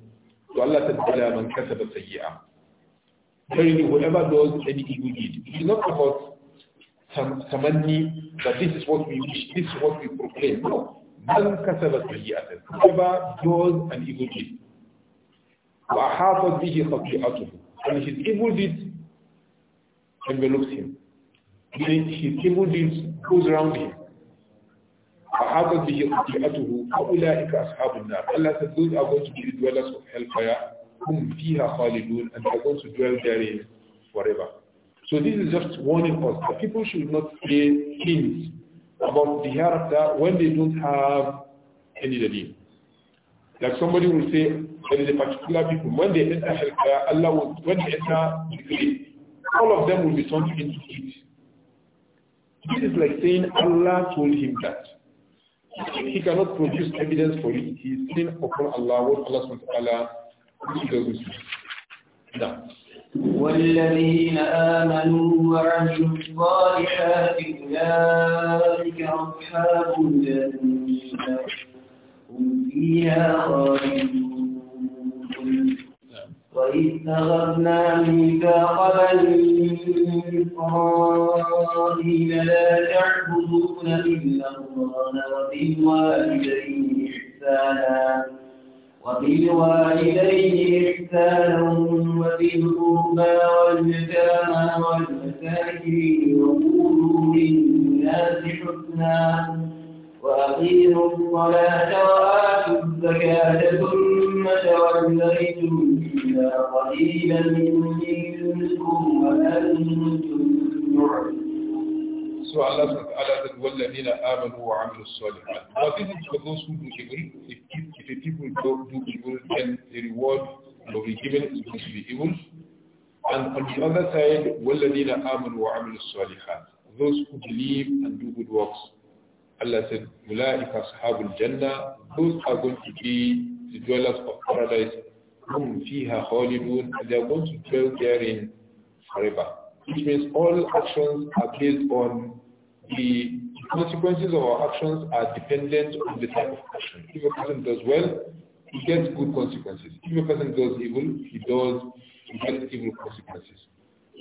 So Allah said, "Bala man kasaba sayyi'ah." Verily, whoever does any evil deed, it is not about tamanni that this is what we wish, this is what we proclaim. No, man kasaba sayyi'ah. Whoever does an evil deed, وأحاطت به خطيئته, and his evil deed envelops him meaning his evil deeds goes around him. فَحَاطَتْ بِهِ خَطِيئَتُهُ فَأُولَٰئِكَ أَصْحَابُ النَّارِ Allah said, those are going to be the dwellers of hellfire, whom فِيهَا خَالِدُونَ, and are going to dwell therein forever. So this is just warning us that people should not say things about the hereafter when they don't have any dalil. Like somebody will say, there is a particular people, when they enter hellfire, Allah will, when they enter the grave, all of them will be turned into it. This is like saying Allah told him that. If he cannot produce evidence for it, he is sin upon Allah what Allah subhanahu Allah ta'ala do. والذين آمنوا وعملوا الصالحات أولئك أصحاب الجنة هم فيها خالدون وإذ أخذنا ميثاق بني إسرائيل لا تعبدون إلا الله وبالوالدين إحسانا وبالوالدين إحسانا وذي القربى واليتامى والمساكين وقولوا للناس حسنا وأقيموا الصلاة وآتوا الزكاة ثم توليتم إلا قليلا منكم وأنتم so Allah subhanahu wa ta'ala said walladheena amanu wa amilus salihat what is it for those who do evil if, if the people don't do evil then the reward will be given to the evil and on the other side walladheena amanu wa amilus salihat those who believe and do good works Allah said, Ulaika ashabul jannah, those are going to be the dwellers of paradise, whom fiha khalidun, and they are going to dwell therein forever. Which means all actions are based on the consequences of our actions are dependent on the type of action. If a person does well, he gets good consequences. If a person does evil, he does he gets evil consequences.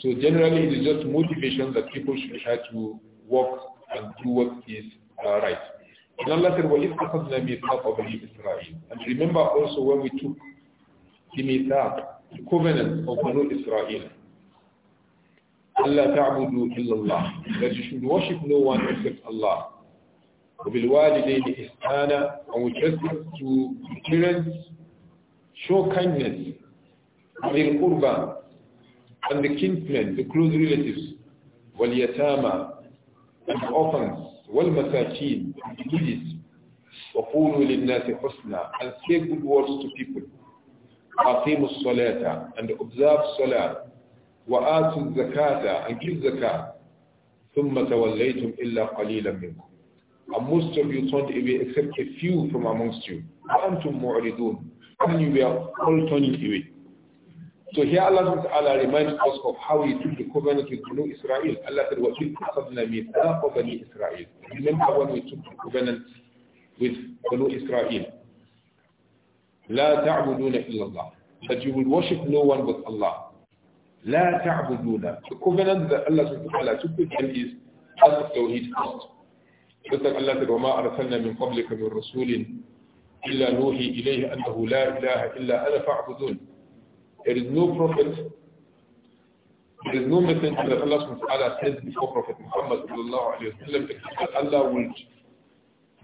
So generally, it is just motivation that people should try to work and do what is uh, right. And Allah said, وَإِذْ أَخَذْنَا مِيثَاقَ بَنِي إِسْرَائِيلَ And remember also when we took the mithaq, the covenant of Banu Israel. Allah ta'budu illallah. That you should worship no one except Allah. وَبِالْوَالِدَيْنِ إِحْسَانًا And with respect to parents, show kindness. وَذِي الْقُرْبَى And the kinsmen, the close relatives. وَالْيَتَامَى And the orphans. وَالْمَسَاكِينَ Needs. وَقُولُوا لِلنَّاسِ حُسْنًا And say good words to people. أَقِيمُوا الصَّلَاةَ And observe salah. وَآتُوا الزَّكَاةَ And give zakah. ثُمَّ تَوَلَّيْتُمْ إِلَّا قَلِيلًا مِنْكُمْ And most of you turned away except a few from amongst you. وَأَنْتُمْ مُعْرِضُونَ And you were all turning away. So here Allah Ta'ala reminds us of how he took the covenant with Banu Israel. Allah said, وَإِذْ أَخَذْنَا مِيثَاقَ بَنِي Israel. Remember when we took the covenant with Banu Israel. لَا تَعْبُدُونَ إِلَّا اللَّهِ That you will worship no one but Allah. لَا تَعْبُدُونَ The covenant that Allah Ta'ala took with them is as Tawheed first. Just like Allah said, وَمَا أَرْسَلْنَا مِنْ قَبْلِكَ مِنْ رَسُولٍ إِلَّا نُوحِي إِلَيْهِ أَنَّهُ لَا إِلَهَ إِلَّا أَنَا فَاعْبُدُونَ there is no prophet, there is no messenger that Allah subhanahu sent before Prophet Muhammad sallallahu alayhi wa sallam except Allah will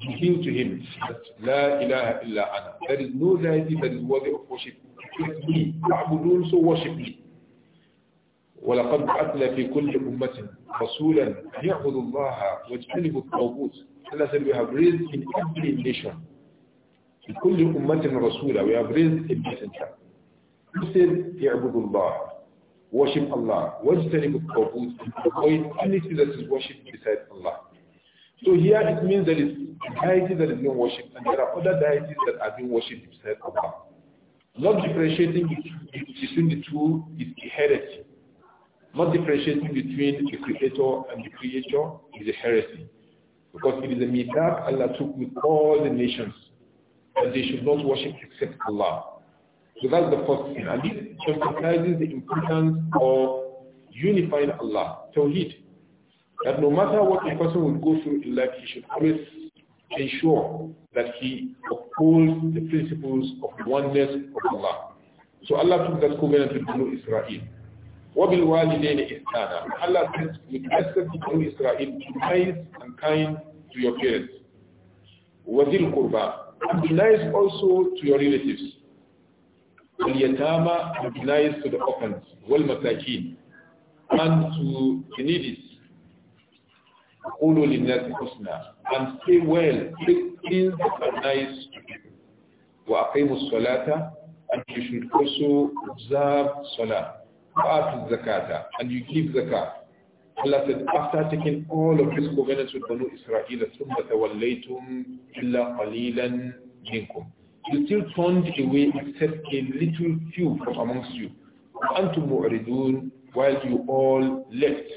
reveal to him that La ilaha illa ana. There is no deity that is worthy of worship except me. Ta'budun, so worship me. ولقد بعثنا في كل أمة رسولا أن يعبدوا الله واجتنبوا الطاغوت. Allah said, we have raised in every nation, في كل أمة رسولا, we have raised a messenger. Muslim, Ya'budullah. Worship Allah. Wajtanibu anything that is worshipped besides Allah. So here it means there is a deity that is being worshipped and there are other deities that are being worshipped besides Allah. Not differentiating between the two is a heresy. Not differentiating between the creator and the creature is a heresy. Because it is a mitzvah Allah took with all the nations that they should not worship except Allah. So that's the first thing. And this emphasizes the importance of unifying Allah, Tawheed. That no matter what a person will go through in life, he should always ensure that he upholds the principles of the oneness of Allah. So Allah took that covenant with Banu Israel. وَبِالْوَالِدَيْنِ إِحْسَانًا Allah says, with respect to Banu Israel, be nice and kind to your parents. And be nice also to your relatives. واليتامى applies to the orphans والمساكين and to the needy قولوا للناس and say well things that are nice to الصلاة and you should also observe salah وآتوا and you give zakat Allah said, after taking all of this covenant with Banu Israel, ثُمَّ تَوَلَّيْتُمْ إِلَّا قَلِيلًا مِنْكُمْ you still turned away except a little few from amongst you. وَأَنْتُمْ مُعْرِضُونَ While you all left.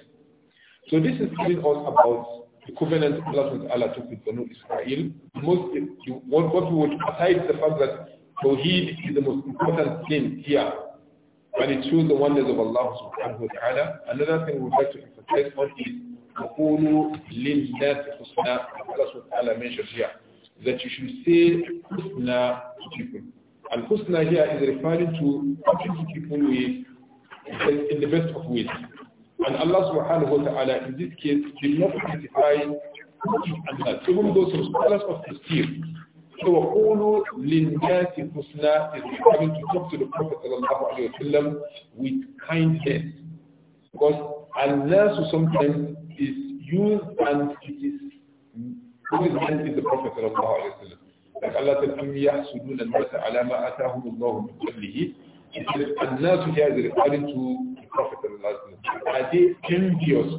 So this is telling us about the covenant Allah SWT took with Banu Israel. Most, what, what we would, aside the fact that Tawheed is the most important thing here, When it shows the wonders of Allah subhanahu wa ta'ala. Another thing we'd like to emphasize on is وَقُولُوا لِلنَّاسِ حُسْنًا Allah subhanahu wa ta'ala mentioned here that you should say husna to people. And husna here is referring to treating people with, in the best of ways. And Allah subhanahu wa ta'ala in this case did not specify and that. Even those who scholars of the steel. So all linnati husna is referring to talk to the Prophet sallallahu alayhi wa sallam with kindness. Because al-nasu sometimes is used and it is who is envy the Prophet sallallahu alayhi wa sallam? Like Allah النَّاسَ عَلَى مَا أَتَاهُمُ اللَّهُ مِنْ قَبْلِهِ الناس here is referring to the Prophet sallallahu alayhi wa sallam. envious?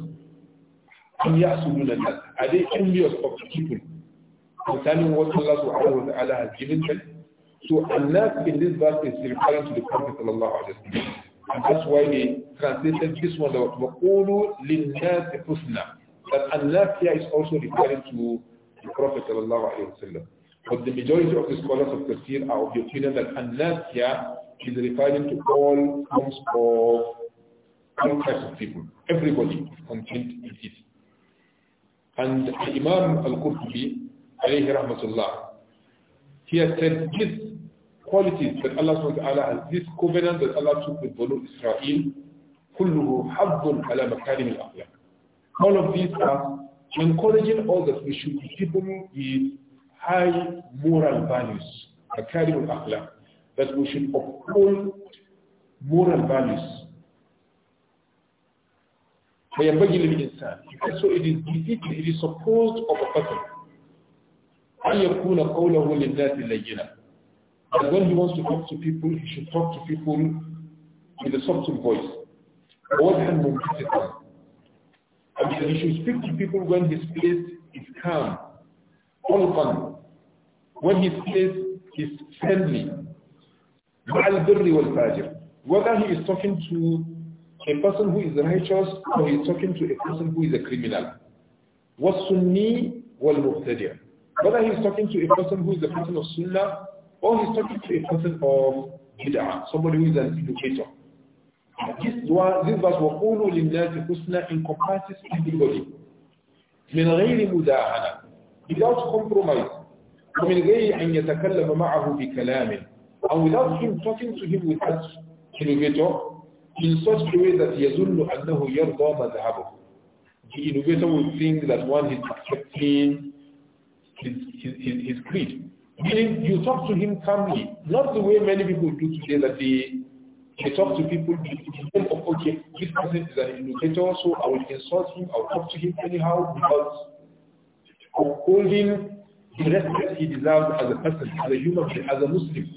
أَمْ يَحْسُدُونَ النَّاسَ Are they envious of people? Concerning what Allah has given So الناس in this verse is referring to the Prophet sallallahu And that's why they translated this one, وَقُولُوا لِلنَّاسِ حُسْنًا That Allah here is also referring to the Prophet But the majority of the scholars of tafsir are of the opinion that unless is referring to all forms of all types of people. Everybody is contained in it. And Imam Al-Qurtubi, alayhi rahmatullah, he has said these qualities that Allah subhanahu has, this covenant that Allah took with Banu Israel, كله حظ على مكارم الأخلاق. All of these are encouraging others, we should be people with high moral values, makarimul akhlaq, that we should uphold moral values. so it is it is supposed of a person and when he wants to talk to people he should talk to people with a soft voice I mean, you should speak to people when his place is calm, open, when his place is friendly. Whether he is talking to a person who is righteous or he is talking to a person who is a criminal. Whether he is talking to a person who is a person of sunnah or he is talking to a person of bid'ah, somebody who is an educator. This dua, this verse, what لِلنَّاسِ حُسْنًا encompasses everybody. من غير مداهنة without compromise ومن غير أن يتكلم معه بكلام and without him talking to him with that innovator in such a way that يظن أنه يرضى is the innovator will think that one is accepting his, his, his, his creed meaning you talk to him calmly not the way many people do today that they I talk to people in the of, okay, this person is an innovator, so I will insult him, I will talk to him anyhow because of holding the respect he deserves as a person, as a human being, as a Muslim.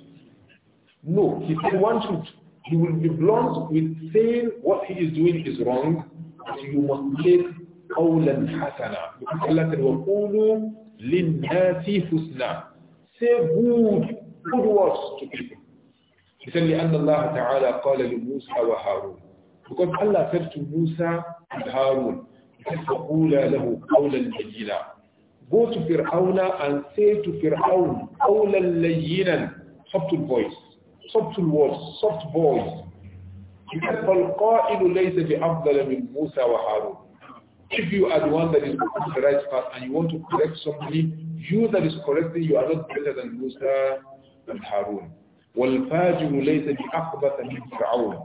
No, he said one truth. He will be blunt with saying what he is doing is wrong, but you must take قولا حسنا because Allah said وقولوا للناس حسنا say good good words to people he أن الله تعالى قال لموسى وهارون. Because Allah said to Musa كيف Harun, له قولا لينا. Go to Fir'aun and say to Fir'aun, قولا لينا. Soft voice, soft words, soft voice. He said, فالقائل ليس بأفضل من موسى وهارون. If you are the one that is on the right path and you want to correct somebody, you that is correcting, you are not better than Musa and Harun. وَالْفَاجِرُ لَيْسَ بِأَخْبَثَ مِنْ فِرْعَوْنَ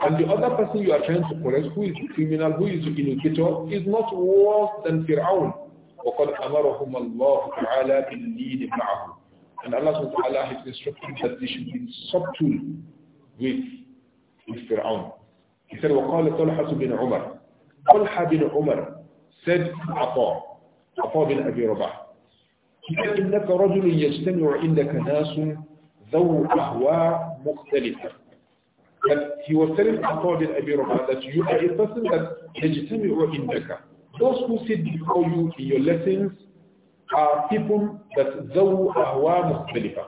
and the other person you are trying to correct, who is the criminal, who is the innovator, is not worse than Fir'aun. وَقَدْ أَمَرَهُمْ اللَّهُ تَعَالَى بِالْلِينِ مَعَهُ And Allah subhanahu wa ta'ala has instructed that they should be subtle with, with Fir'aun. He said, وَقَالَ طَلْحَةُ بِنْ عُمَرَ طَلْحَ بِنْ عُمَرَ said عطاء عطاء بن أبي رباح he said إنك رجل يجتمع عندك ناس ذو أهواء مختلفة But he was telling Athodin Abi Rabah that you are a person that in عندك. Those who sit before you in your lessons are people that ذو أهواء مختلفة.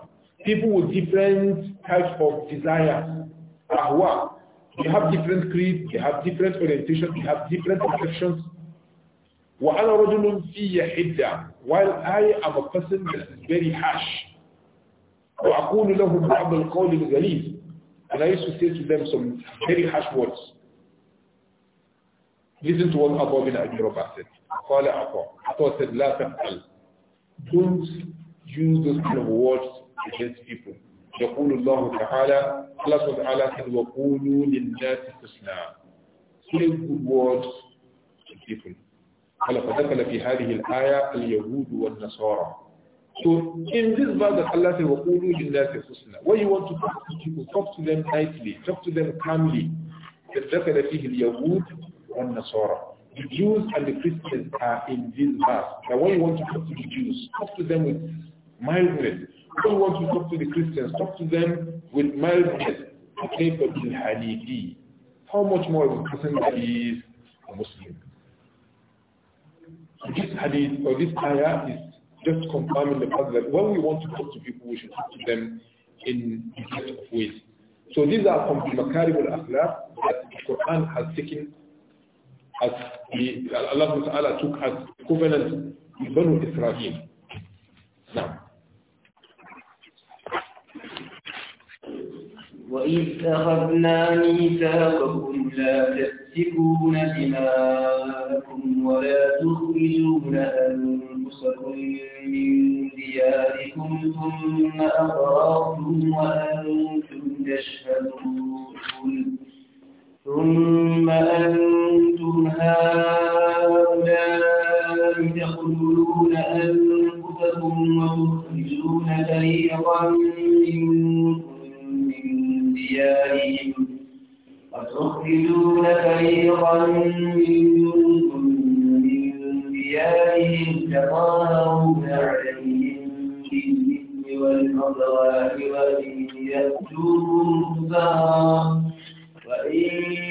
People with different types of desires. أهواء. They have different creeds, they have different orientations, they have different affections. وأنا رجل في while I am a person that is very harsh وأقول لهم بعض القول الغليظ and I used to say to them some very harsh words listen to what Abu bin Abi Rabah said قال Abu Abu said لا تفعل don't use those kind of words against people يقول الله تعالى الله سبحانه وتعالى said وقولوا للناس حسنا say good words to people قال فدخل في هذه الآية اليهود والنصارى So in this verse that Allah says, وَقُولُوا لِلنَّاسِ you want to talk to people, talk to them nicely, talk to them calmly. The Jews and the Christians are in this verse. Now what you want to talk to the Jews, talk to them with mildness. What you want to talk to the Christians, talk to them with mildness. كيف بالحنيفي How much more of a person that is a Muslim? This hadith or this ayah is just confirming the fact that when we want to talk to people, we should talk to them in the best of ways. So these are some of the makarim al-akhlaq that the Quran has taken as the, Allah Ta'ala took as covenant with Banu Israel. Now, وإذ أخذنا ميثاقكم لا تفتكون دماءكم ولا تخرجون أنفسكم من دياركم ثم أقررتم وأنتم تشهدون ثم أنتم هؤلاء تقتلون أنفسكم وتخرجون فريقا منكم ديارهم وتخرجون فريقا منكم من ديارهم تظاهرون عليهم بالإثم والعدوان وإن يأتوكم أسارا وإن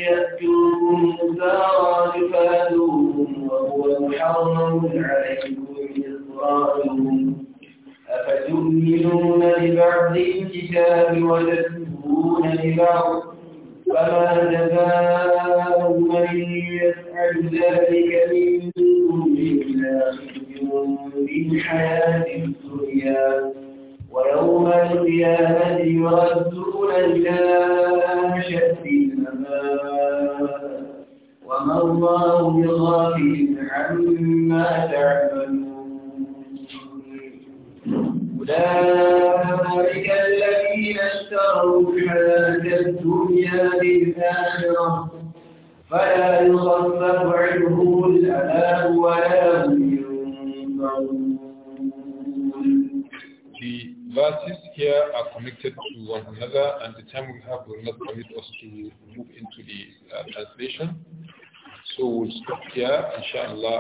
يأتوكم أسارا تفادوهم وهو محرم عليهم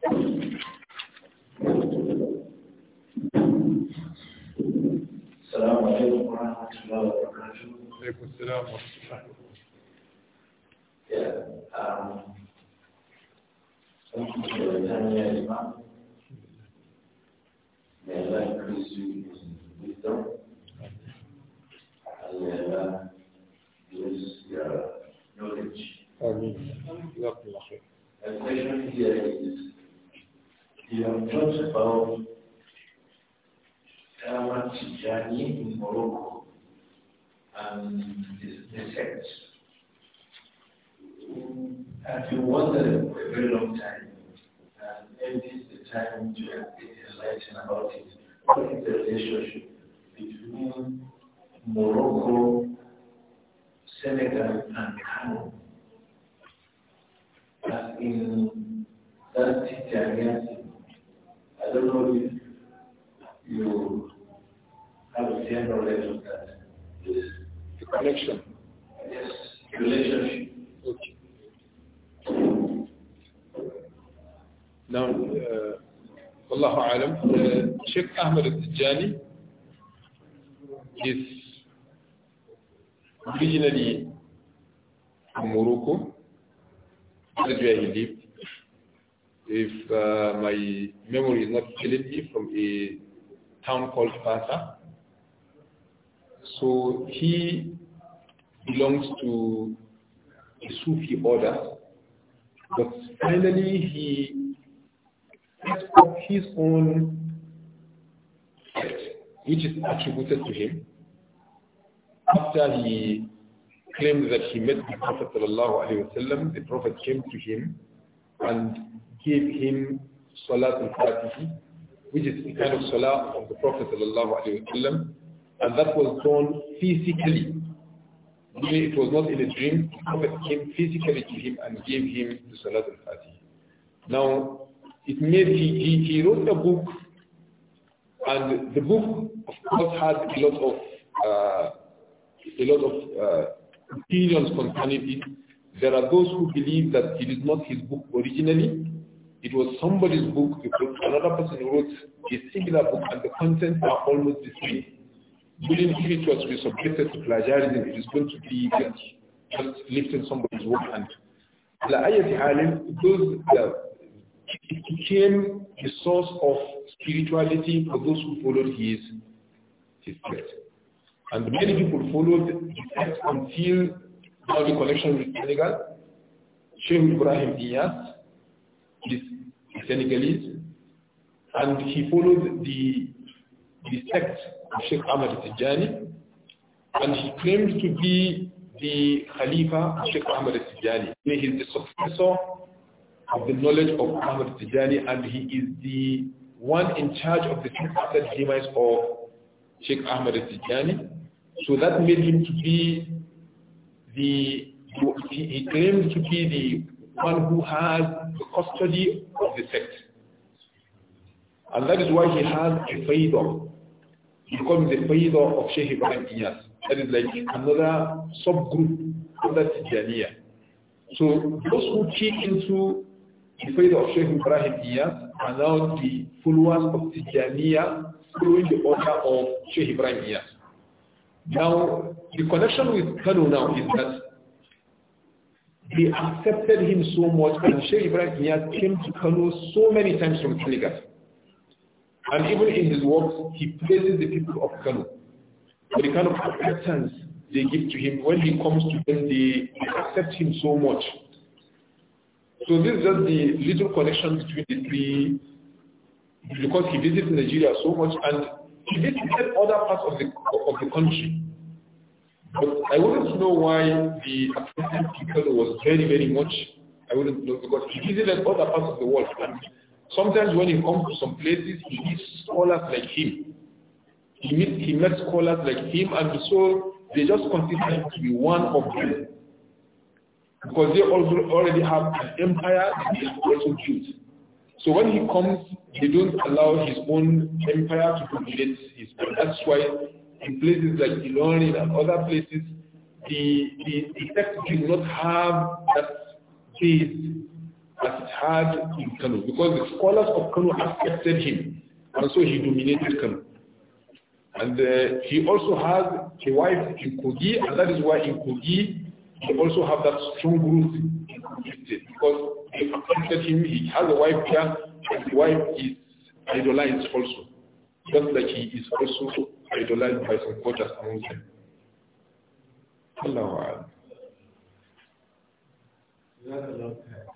السلام عليكم ورحمة الله وبركاته. عليكم السلام ورحمة الله. Yeah, um, thank you May Allah increase you in wisdom. may Allah use your knowledge. Amen you have talked about Dawah journey in Morocco and the sects. I've been wondering for a very long time, and maybe it's the time to about it. What is the relationship between Morocco, Senegal, and Kano? in that Tijani connection? Relationship. Okay. Now, uh, Wallahu alam, uh, Sheikh Ahmed al-Tijani is originally from Morocco. That's where he lived. If uh, my memory is not failing me, from a town called Fasa. So he belongs to a Sufi order, but finally he set up his own sect, which is attributed to him, after he claimed that he met the Prophet wasallam, the Prophet came to him and gave him Salat al fatih which is the kind of Salah of the Prophet wasallam, and that was done physically it was not in a dream, the Prophet came physically to him and gave him the Salat al-Fatih. Now, it made, he, he, he wrote a book, and the book, of course, had a lot of, uh, a lot of uh, opinions concerning it. There are those who believe that it is not his book originally. It was somebody's book another person wrote a similar book and the contents are almost the same. Even if it was to be subjected to plagiarism, it is going to be just lifting somebody's work and the ayat Alim, those that uh, it became the source of spirituality for those who followed his his threat. And many people followed the threat until now the connection with Senegal. Sheikh Ibrahim Iyas is Senegalese and he followed the the sect of Sheikh Ahmad Tijani, and he claimed to be the Khalifa of Sheikh Ahmad Tijani. He is the successor of the knowledge of Ahmad Tijani, and he is the one in charge of the 2 the demise of Sheikh Ahmad Tijani. So that made him to be the, he claimed to be the one who has the custody of the sect. And that is why he has a favor becomes the faidah of Sheikh Ibrahim Iyas. That is like another subgroup of that Tijaniya. So those who key into the faidah of Sheikh Ibrahim Iyas are now the followers of Tijaniya following the order of Sheikh Ibrahim Iyas. Now, the connection with Kano now is that they accepted him so much and Sheikh Ibrahim Iyas came to Kano so many times from Trinidad. And even in his works, he praises the people of Kano the kind of acceptance they give to him. When he comes to them, they accept him so much. So this is just the little connection between the three, because he visits Nigeria so much and he visited other parts of the, of the country. But I wouldn't know why the acceptance in Kano was very, very much. I wouldn't know because he visited other parts of the world. And Sometimes when he comes to some places, he meets scholars like him. He meets he met scholars like him, and so they just consider him to be one of them. Because they also already have an empire that they have also built. So when he comes, they don't allow his own empire to dominate his own. That's why in places like Ilorin and other places, the, the, the sect did not have that base as it had in Kanu because the scholars of Kanu accepted him and so he dominated Kanu. And uh, he also has a wife in Kogi and that is why in Kogi he also have that strong root in Kogi state because they accepted him, he has a wife here and the wife is idolized also just like he is also idolized by some quarters among them. Allah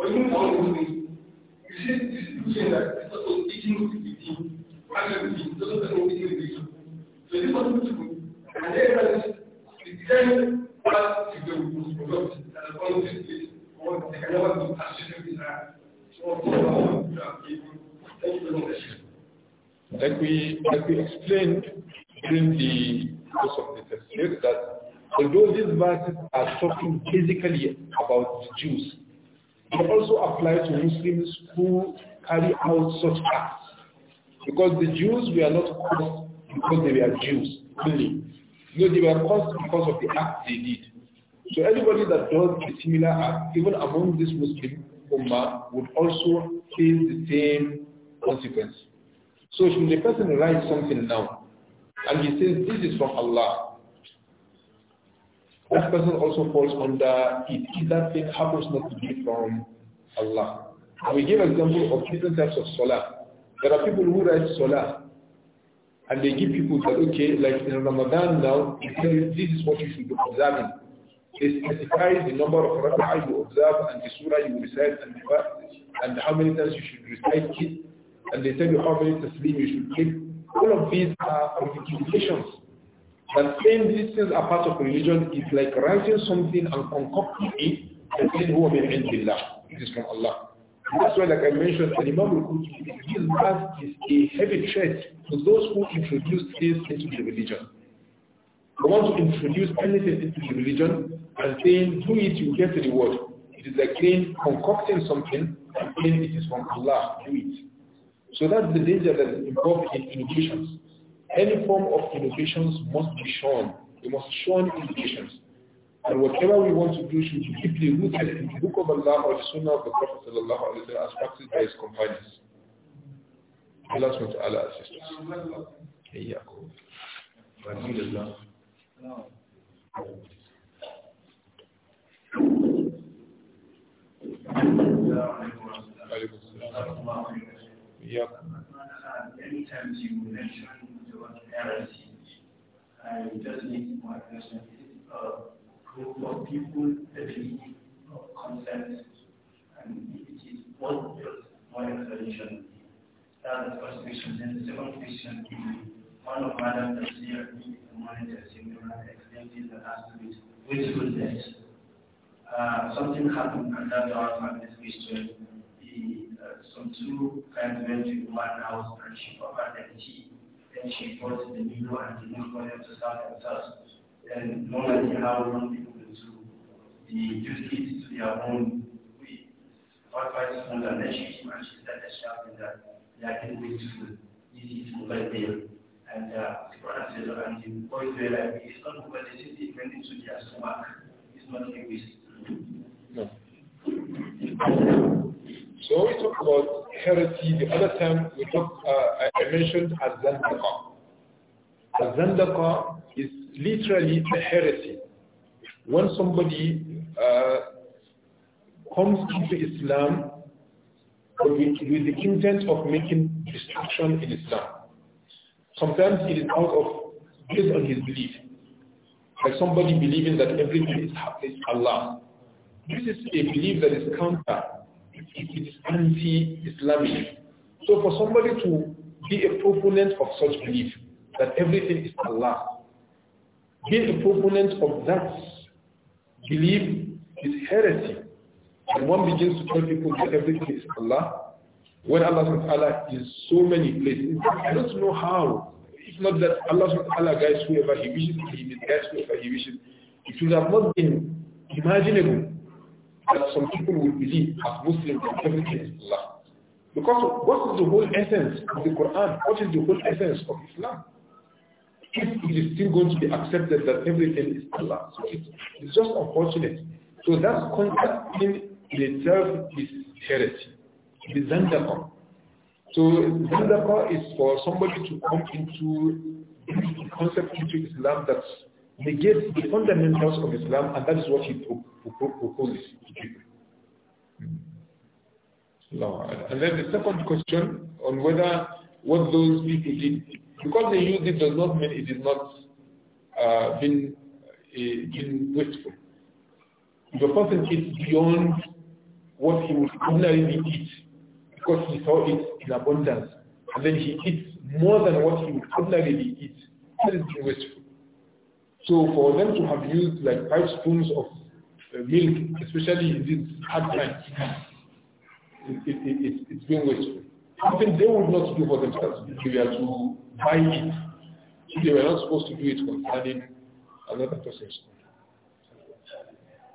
But you know what you see that this person the team, with person So this is And then that is the part the most product that is Or they can never be with that. So course, thank you very much. Like we, like we explained during the course of the tafsir that although these verses are talking basically about Jews, it also applies to Muslims who carry out such acts. Because the Jews were not cursed because they were Jews only. No, they were cursed because of the act they did. So anybody that does a similar act, even among this Muslim Ummah, would also face the same consequence. So if the person writes something now, and he says, this is from Allah, that person also falls under it. If that thing happens not to be from Allah. And we give example of different types of salah. There are people who write salah and they give people that, okay, like in Ramadan now, this is what you should observe. They specify the number of rak'ah you observe and the surah you recite and the verse and how many times you should recite it and they tell you how many taslim you should give. All of these are indications that saying these things are part of religion is like writing something and concocting it and saying huwa min indillah. It is from Allah. That's why, like I mentioned, the Imam his mask is a heavy threat to those who introduce this into the religion. They want to introduce anything into the religion and saying, do it, you get the reward. It is like saying, concocting something and saying it is from Allah, do it. So that's the danger that is involved in innovations any form of innovations must be shown. We must show innovations. And whatever we want to do should be deeply rooted in the book of Allah or the sunnah of the Prophet sallallahu alayhi wa as practiced by his companions. Allah subhanahu wa ta'ala assist us. Anytime you mention transparency. I just need my question. a uh, group of people agree of consent and it is what is my solution? That's the first question. Then the second question one of Madam Tasir the monitor seminar explained the last week wastefulness. Uh, something happened and that our family's question. The, uh, some two friends went to one house and she offered them tea ancient parts the Negro and the Negro to start and And normally how young people to the use it to their own way. What on the nation and she said that shout and that they are getting way too easy to And uh, the and the boys were like, it's not over city, it into their stomach. It's not like No. So when we talk about heresy, the other time we talked, uh, I mentioned Azandaqa. Azandaqa is literally a heresy. When somebody uh, comes into Islam with, with the intent of making destruction in Islam. Sometimes it is out of, based on his belief. Like somebody believing that everything is, happening Allah. This is a belief that is counter it is anti-Islamic. So for somebody to be a proponent of such belief, that everything is Allah, be a proponent of that belief is heresy. And one begins to tell people that everything is Allah, when Allah subhanahu wa ta'ala is so many places. I don't know how. It's not that Allah subhanahu wa ta'ala guides whoever he wishes, he misguides whoever he wishes. It would have not been imaginable that some people will believe as Muslims that everything is Allah. Because what is the whole essence of the Quran? What is the whole essence of Islam? If it is still going to be accepted that everything is Allah, so it's just unfortunate. So that concept in itself is heresy. It is zandaka. So zandaka is for somebody to come into the concept into Islam that negate the fundamentals of Islam, and that is what he proposes to people. No. And then the second question on whether what those people did, because they used it does not mean it is not uh, been, uh, been wasteful. The person is beyond what he would ordinarily eat because he saw it in abundance. And then he eats more than what he would ordinarily eat. That is wasteful. So for them to have used like five spoons of uh, milk, especially in these hard times, it, it, it, it's been wasteful. Something they would not do for themselves if they were to buy it. They were not supposed to do it concerning another person's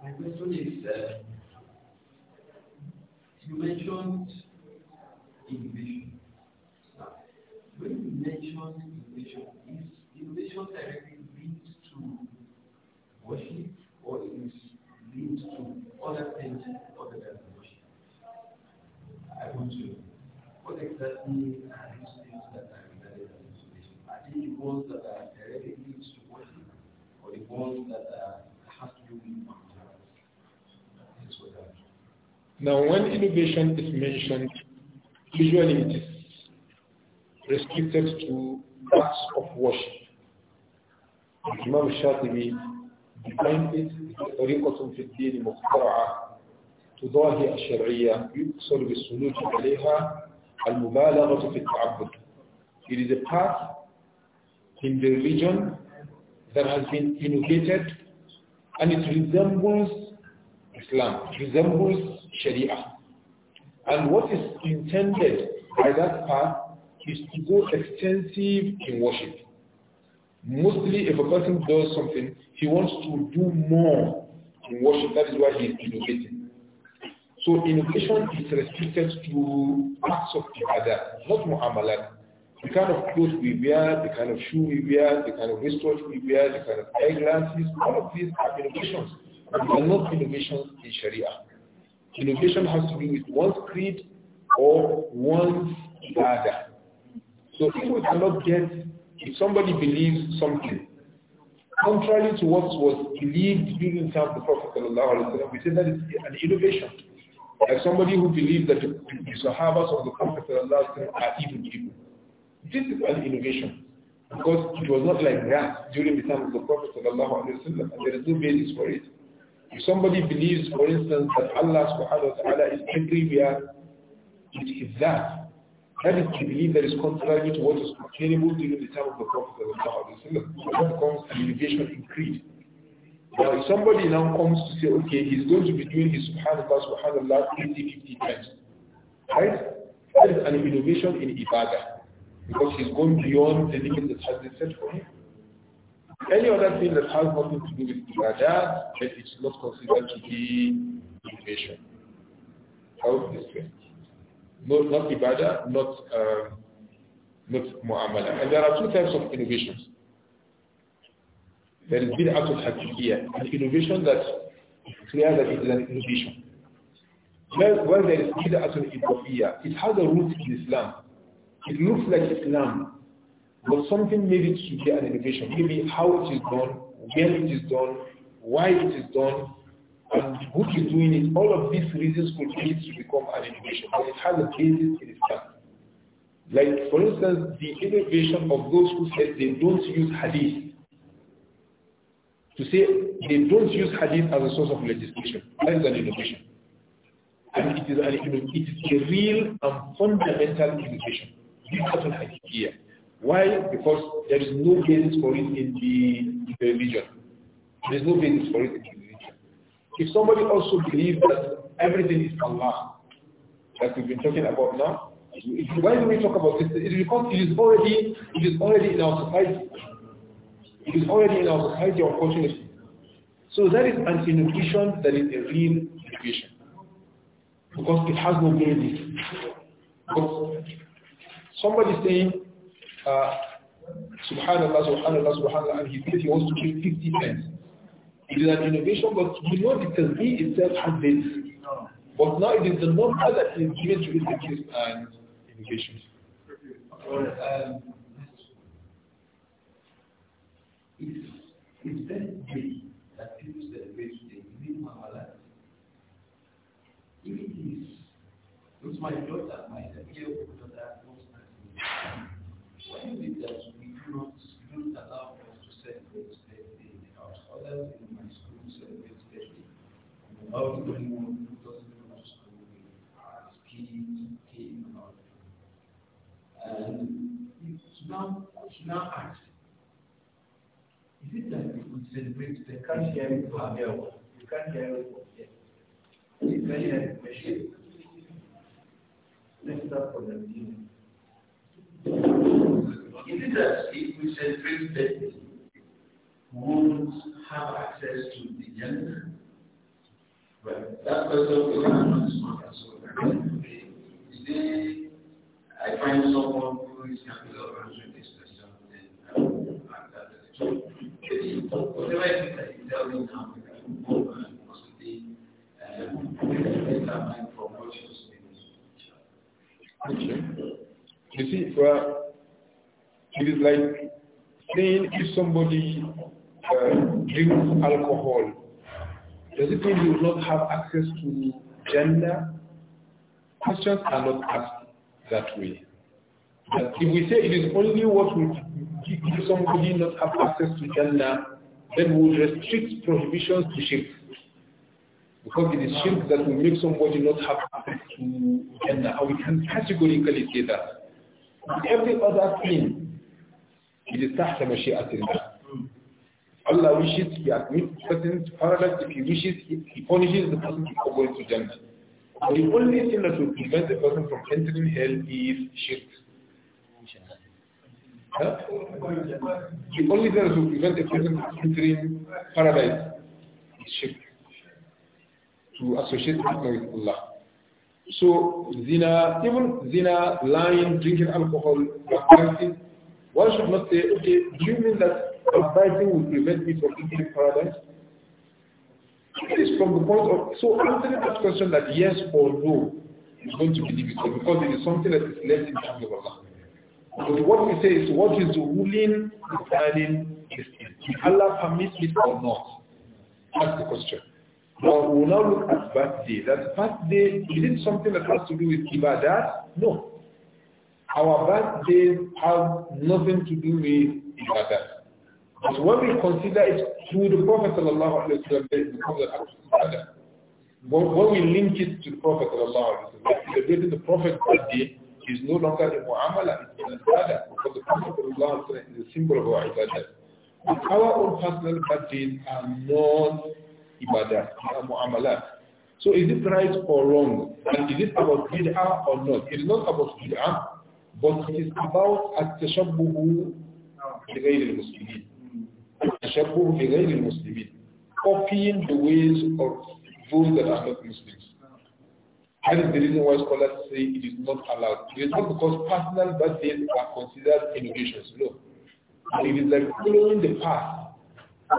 My question is, uh, you mentioned innovation. When you mentioned innovation, is innovation directly worship or it is linked to other things other than worship. I want to, what exactly are these things that are related to inspiration? Are they the ones that are directly linked to worship or the ones that are, have to do with now, when innovation is mentioned, usually it is restricted to acts of worship. Imam Shatibi طريقة في الدين مخترعة تضاهي الشرعية يقصر بالسلوك عليها المبالغة في التعبد. It is a path in the religion that has been innovated and it resembles Islam, it resembles Sharia. And what is intended by that path is to go extensive in worship. Mostly if a person does something, he wants to do more in worship. That is why he is innovating. So innovation is restricted to acts of other, not Muhammad. The kind of clothes we wear, the kind of shoe we wear, the kind of wristwatch we wear, the kind of eyeglasses, all of these are innovations. But they are not innovations in Sharia. Innovation has to do with one's creed or one's ibadah. So if we cannot get if somebody believes something, contrary to what was believed during the time of the Prophet we say that is an innovation. Like somebody who believes that the, the Sahabas of the Prophet ﷺ are evil This is an innovation because it was not like that during the time of the Prophet and there is no basis for it. If somebody believes, for instance, that Allah subhanahu wa ta'ala is everywhere, it is that that is to believe that is contrary to what is obtainable during the time of the Prophet That comes to negation in creed. Now if somebody now comes to say, okay, he's going to be doing his subhanallah, subhanallah 50, 50 times. Right? That is an innovation in ibadah. Because he's going beyond the limit that has been set for him. Any other thing that has nothing to do with ibadah, then it's not considered to be innovation. How is this way? not ibadah, not, uh, not mu'amala. And there are two types of innovations. There is bid'atul here. an innovation that is clear that it is an innovation. Well, well there is bid'atul idafiyya. It has a root in Islam. It looks like Islam, but something made it to be an innovation. Maybe how it is done, where it is done, why it is done, and who is doing it, all of these reasons could lead to become an innovation, but it has a basis in Islam. Like, for instance, the innovation of those who said they don't use hadith. To say they don't use hadith as a source of legislation, that is an innovation. And it is, an, it is a real and fundamental innovation. Hadith here, Why? Because there is no basis for it in the religion. There is no basis for it in the if somebody also believes that everything is Allah, that we've been talking about now, why do we talk about this, it is because it is already, it is already in our society. It is already in our society, unfortunately. So that is an innovation that is a real innovation. Because it has no basis. But somebody saying, uh, subhanallah, subhanallah, subhanallah, and he says he wants to give 50 cents. It is an innovation, but you know the tasbih itself has this. But now it is the number that is given to this and innovation. Um, it's, the life. it's my daughter, my year daughter, most that, And now, now asked, is it that you could celebrate? They can't hear you from here. You can't hear it from here. You can hear the machine. Let's start from the beginning. Is it that if we celebrate that we won't have access to the Jannah? That person will not respond as Today, I find someone who is capable of answering this question, and I will the question. Whatever it is that you tell me now, I will go and possibly get from what you Okay. You see, well, it is like saying if somebody uh, drinks alcohol does it mean you will not have access to gender? Questions are not asked that way. But if we say it is only what will give somebody not have access to gender, then we will restrict prohibitions to shirk. Because it is shirk that will make somebody not have access to gender. And we can categorically say that. Every other thing, it is tahta mashi'atillah. Allah wishes, He admits the person to paradise. If He wishes, He, he punishes the person before going to Jannah. the only thing that will prevent a person from entering hell is shirk. Huh? The only thing that will prevent a person from entering paradise is shirk. To associate partner with Allah. So zina, even zina, lying, drinking alcohol, practicing, one should not say, okay, do you mean that backbiting will prevent me from entering paradise? It is from the point of, so answering that question that yes or no is going to be difficult because it is something that is left in the hands of Allah. But what we say is what is the ruling concerning this If Allah permits it or not? That's the question. Now we will now look at that day. That day is not something that has to do with ibadah? No. Our days have nothing to do with ibadah. But when we consider it through the Prophet sallallahu alaihi wasallam, it becomes of ibadah. When we link it to the Prophet sallallahu alaihi wasallam, celebrating the Prophet's birthday is no longer a mu'amala, it's an ibadah, because the Prophet sallallahu alaihi wasallam is a symbol of our ibadah. And our own personal birthdays are not ibadah they are mu'amalah. So is it right or wrong? And is it about bid'ah or not? It is not about bid'ah, but it is about at-tashabbuhu al-muslimin. التشبه بغير المسلمين copying the ways of those that are not Muslims. That is the reason why scholars say it is not allowed. It is not because personal birthdays are considered innovations, no. it is like following the path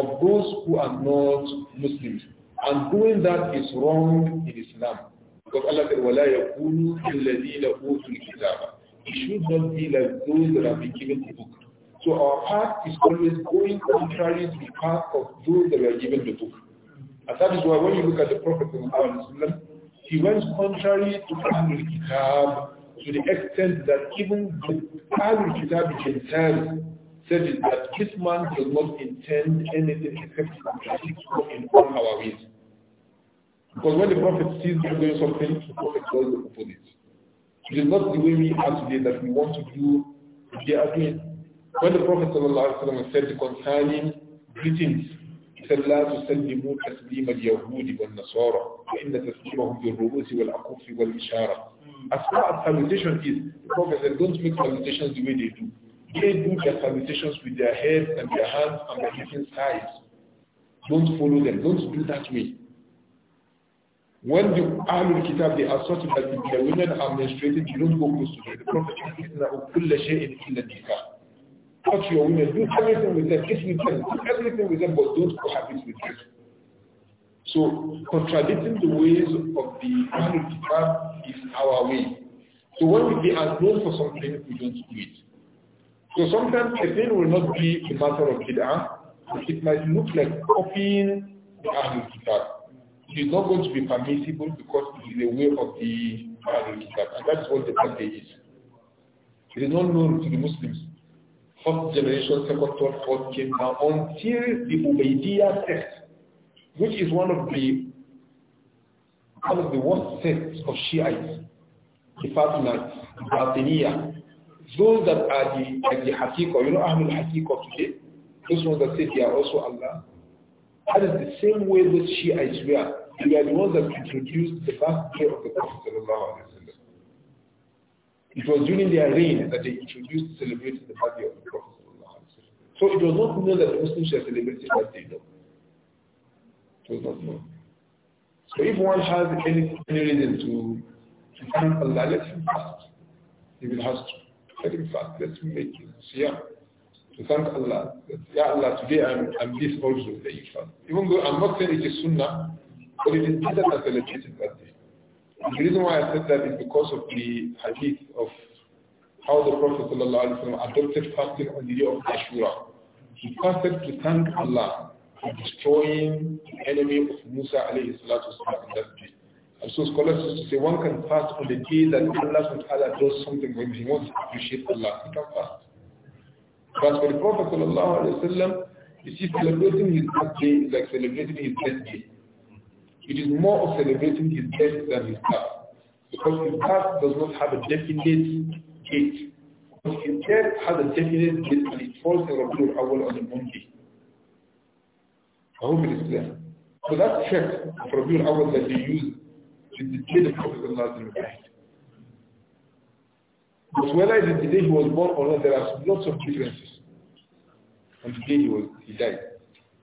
of those who are not Muslims. And doing that is wrong in Islam. Because Allah said, وَلَا يَكُونُوا الَّذِينَ أُوتُوا الْكِتَابَ It should not be like those that have been given the book. So our path is always going contrary to the path of those that were given the book. And that is why when you look at the Prophet Muhammad, he went contrary to Ahlul Kitab to the extent that even the Ahlul Kitab himself said that this man does not intend anything except to contradict in all our ways. Because when the Prophet sees them doing something, the Prophet does the opposite. It is not the way we are today that we want to do, they are doing. When the Prophet ﷺ said concerning greetings, he said, لا تسلموا تسليم اليهود والنصارى فإن تسليمهم بالرؤوس والأقوف والإشارة. As far as salutation is, the Prophet said, don't make salutations the way they do. They do their salutations with their heads and their hands and their different sides. Don't follow them. Don't do that way. When the Ahlul Kitab, they are such that if their women are menstruating, you don't go close to them. The Prophet said, touch your women, do everything with them, eat with them, do everything with them, but don't cohabit with them. So contradicting the ways of the Ahlul is our way. So when we are known for something, we don't do it. So sometimes a thing will not be a matter of bid'ah, but it might look like copying the Ahlul Kitab. It is not going to be permissible because it is a way of the Ahlul Kitab. And that's what the Sunday is. It is not known to the Muslims first generation, second, third, fourth came down until the Ubaidiyah sect, which is one of the one of the worst sects of Shiites, the Fatimites, Batiniya, those that are the, like the Hakiko, you know Ahlul Hakiko today, those ones that say they are also Allah, that is the same way those Shiites were. They were the ones that introduced the first day of the Prophet it was during their reign that they introduced celebrating the birthday of the Prophet. So it was not known that the Muslims were celebrating birthday, no. It was not known. So if one has any, any reason to, to thank Allah, let him fast. He will have to. Let him fast. Let him make To thank Allah. That, ya Allah, today I'm, I'm this also that you fast. Even though I'm not saying it is sunnah, but it is better than celebrating birthday. The reason why I said that is because of the hadith of how the Prophet ﷺ adopted fasting on the day of Ashura. He fasted to thank Allah for destroying the enemy of Musa alayhi salatu that day. And so scholars used to say one can fast on the day that Allah SWT does something when he wants to appreciate Allah. He can fast. But for the Prophet ﷺ, you see celebrating his birthday is like celebrating his death day. It is more of celebrating his death than his past, Because his past does not have a definite date. But his death has a definite date and it falls in Rabiul Awal on a Monday. I hope it is clear. So that check of Rabiul Awal that we use is the day the Prophet Allah died. But whether it is the day he was born or not, there are lots of differences on the day he, was, he died.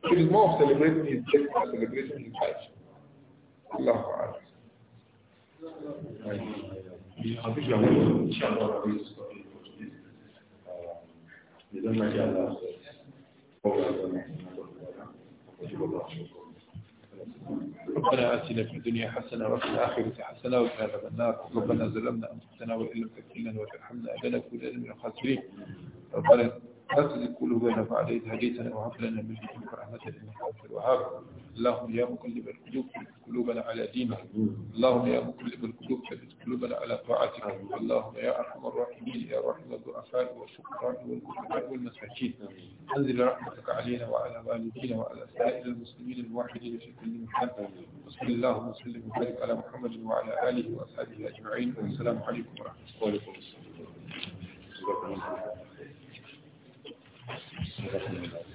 So it is more of celebrating his death than celebrating his life. الله أعلم ربنا آتنا في الدنيا حسنة وفي الآخرة حسنة وقنا عذاب ربنا ظلمنا أنفسنا وإن لم تغفر لنا وترحمنا لنكونن من الخاسرين ربنا لا تزغ قلوبنا بعد إذ هديتنا وهب لنا من لدنك رحمة إنك أنت الوهاب اللهم يا مقلب القلوب قلوبنا على دينك اللهم يا مقلب القلوب ثبت قلوبنا على طاعتك اللهم يا أرحم الراحمين يا رحم الضعفاء والفقراء والكفار والمساكين أنزل رحمتك علينا وعلى والدينا وعلى سائر المسلمين الموحدين في كل مكان وصل اللهم وسلم وبارك على محمد وعلى آله وأصحابه أجمعين والسلام عليكم ورحمة الله وبركاته Elhamdülillah.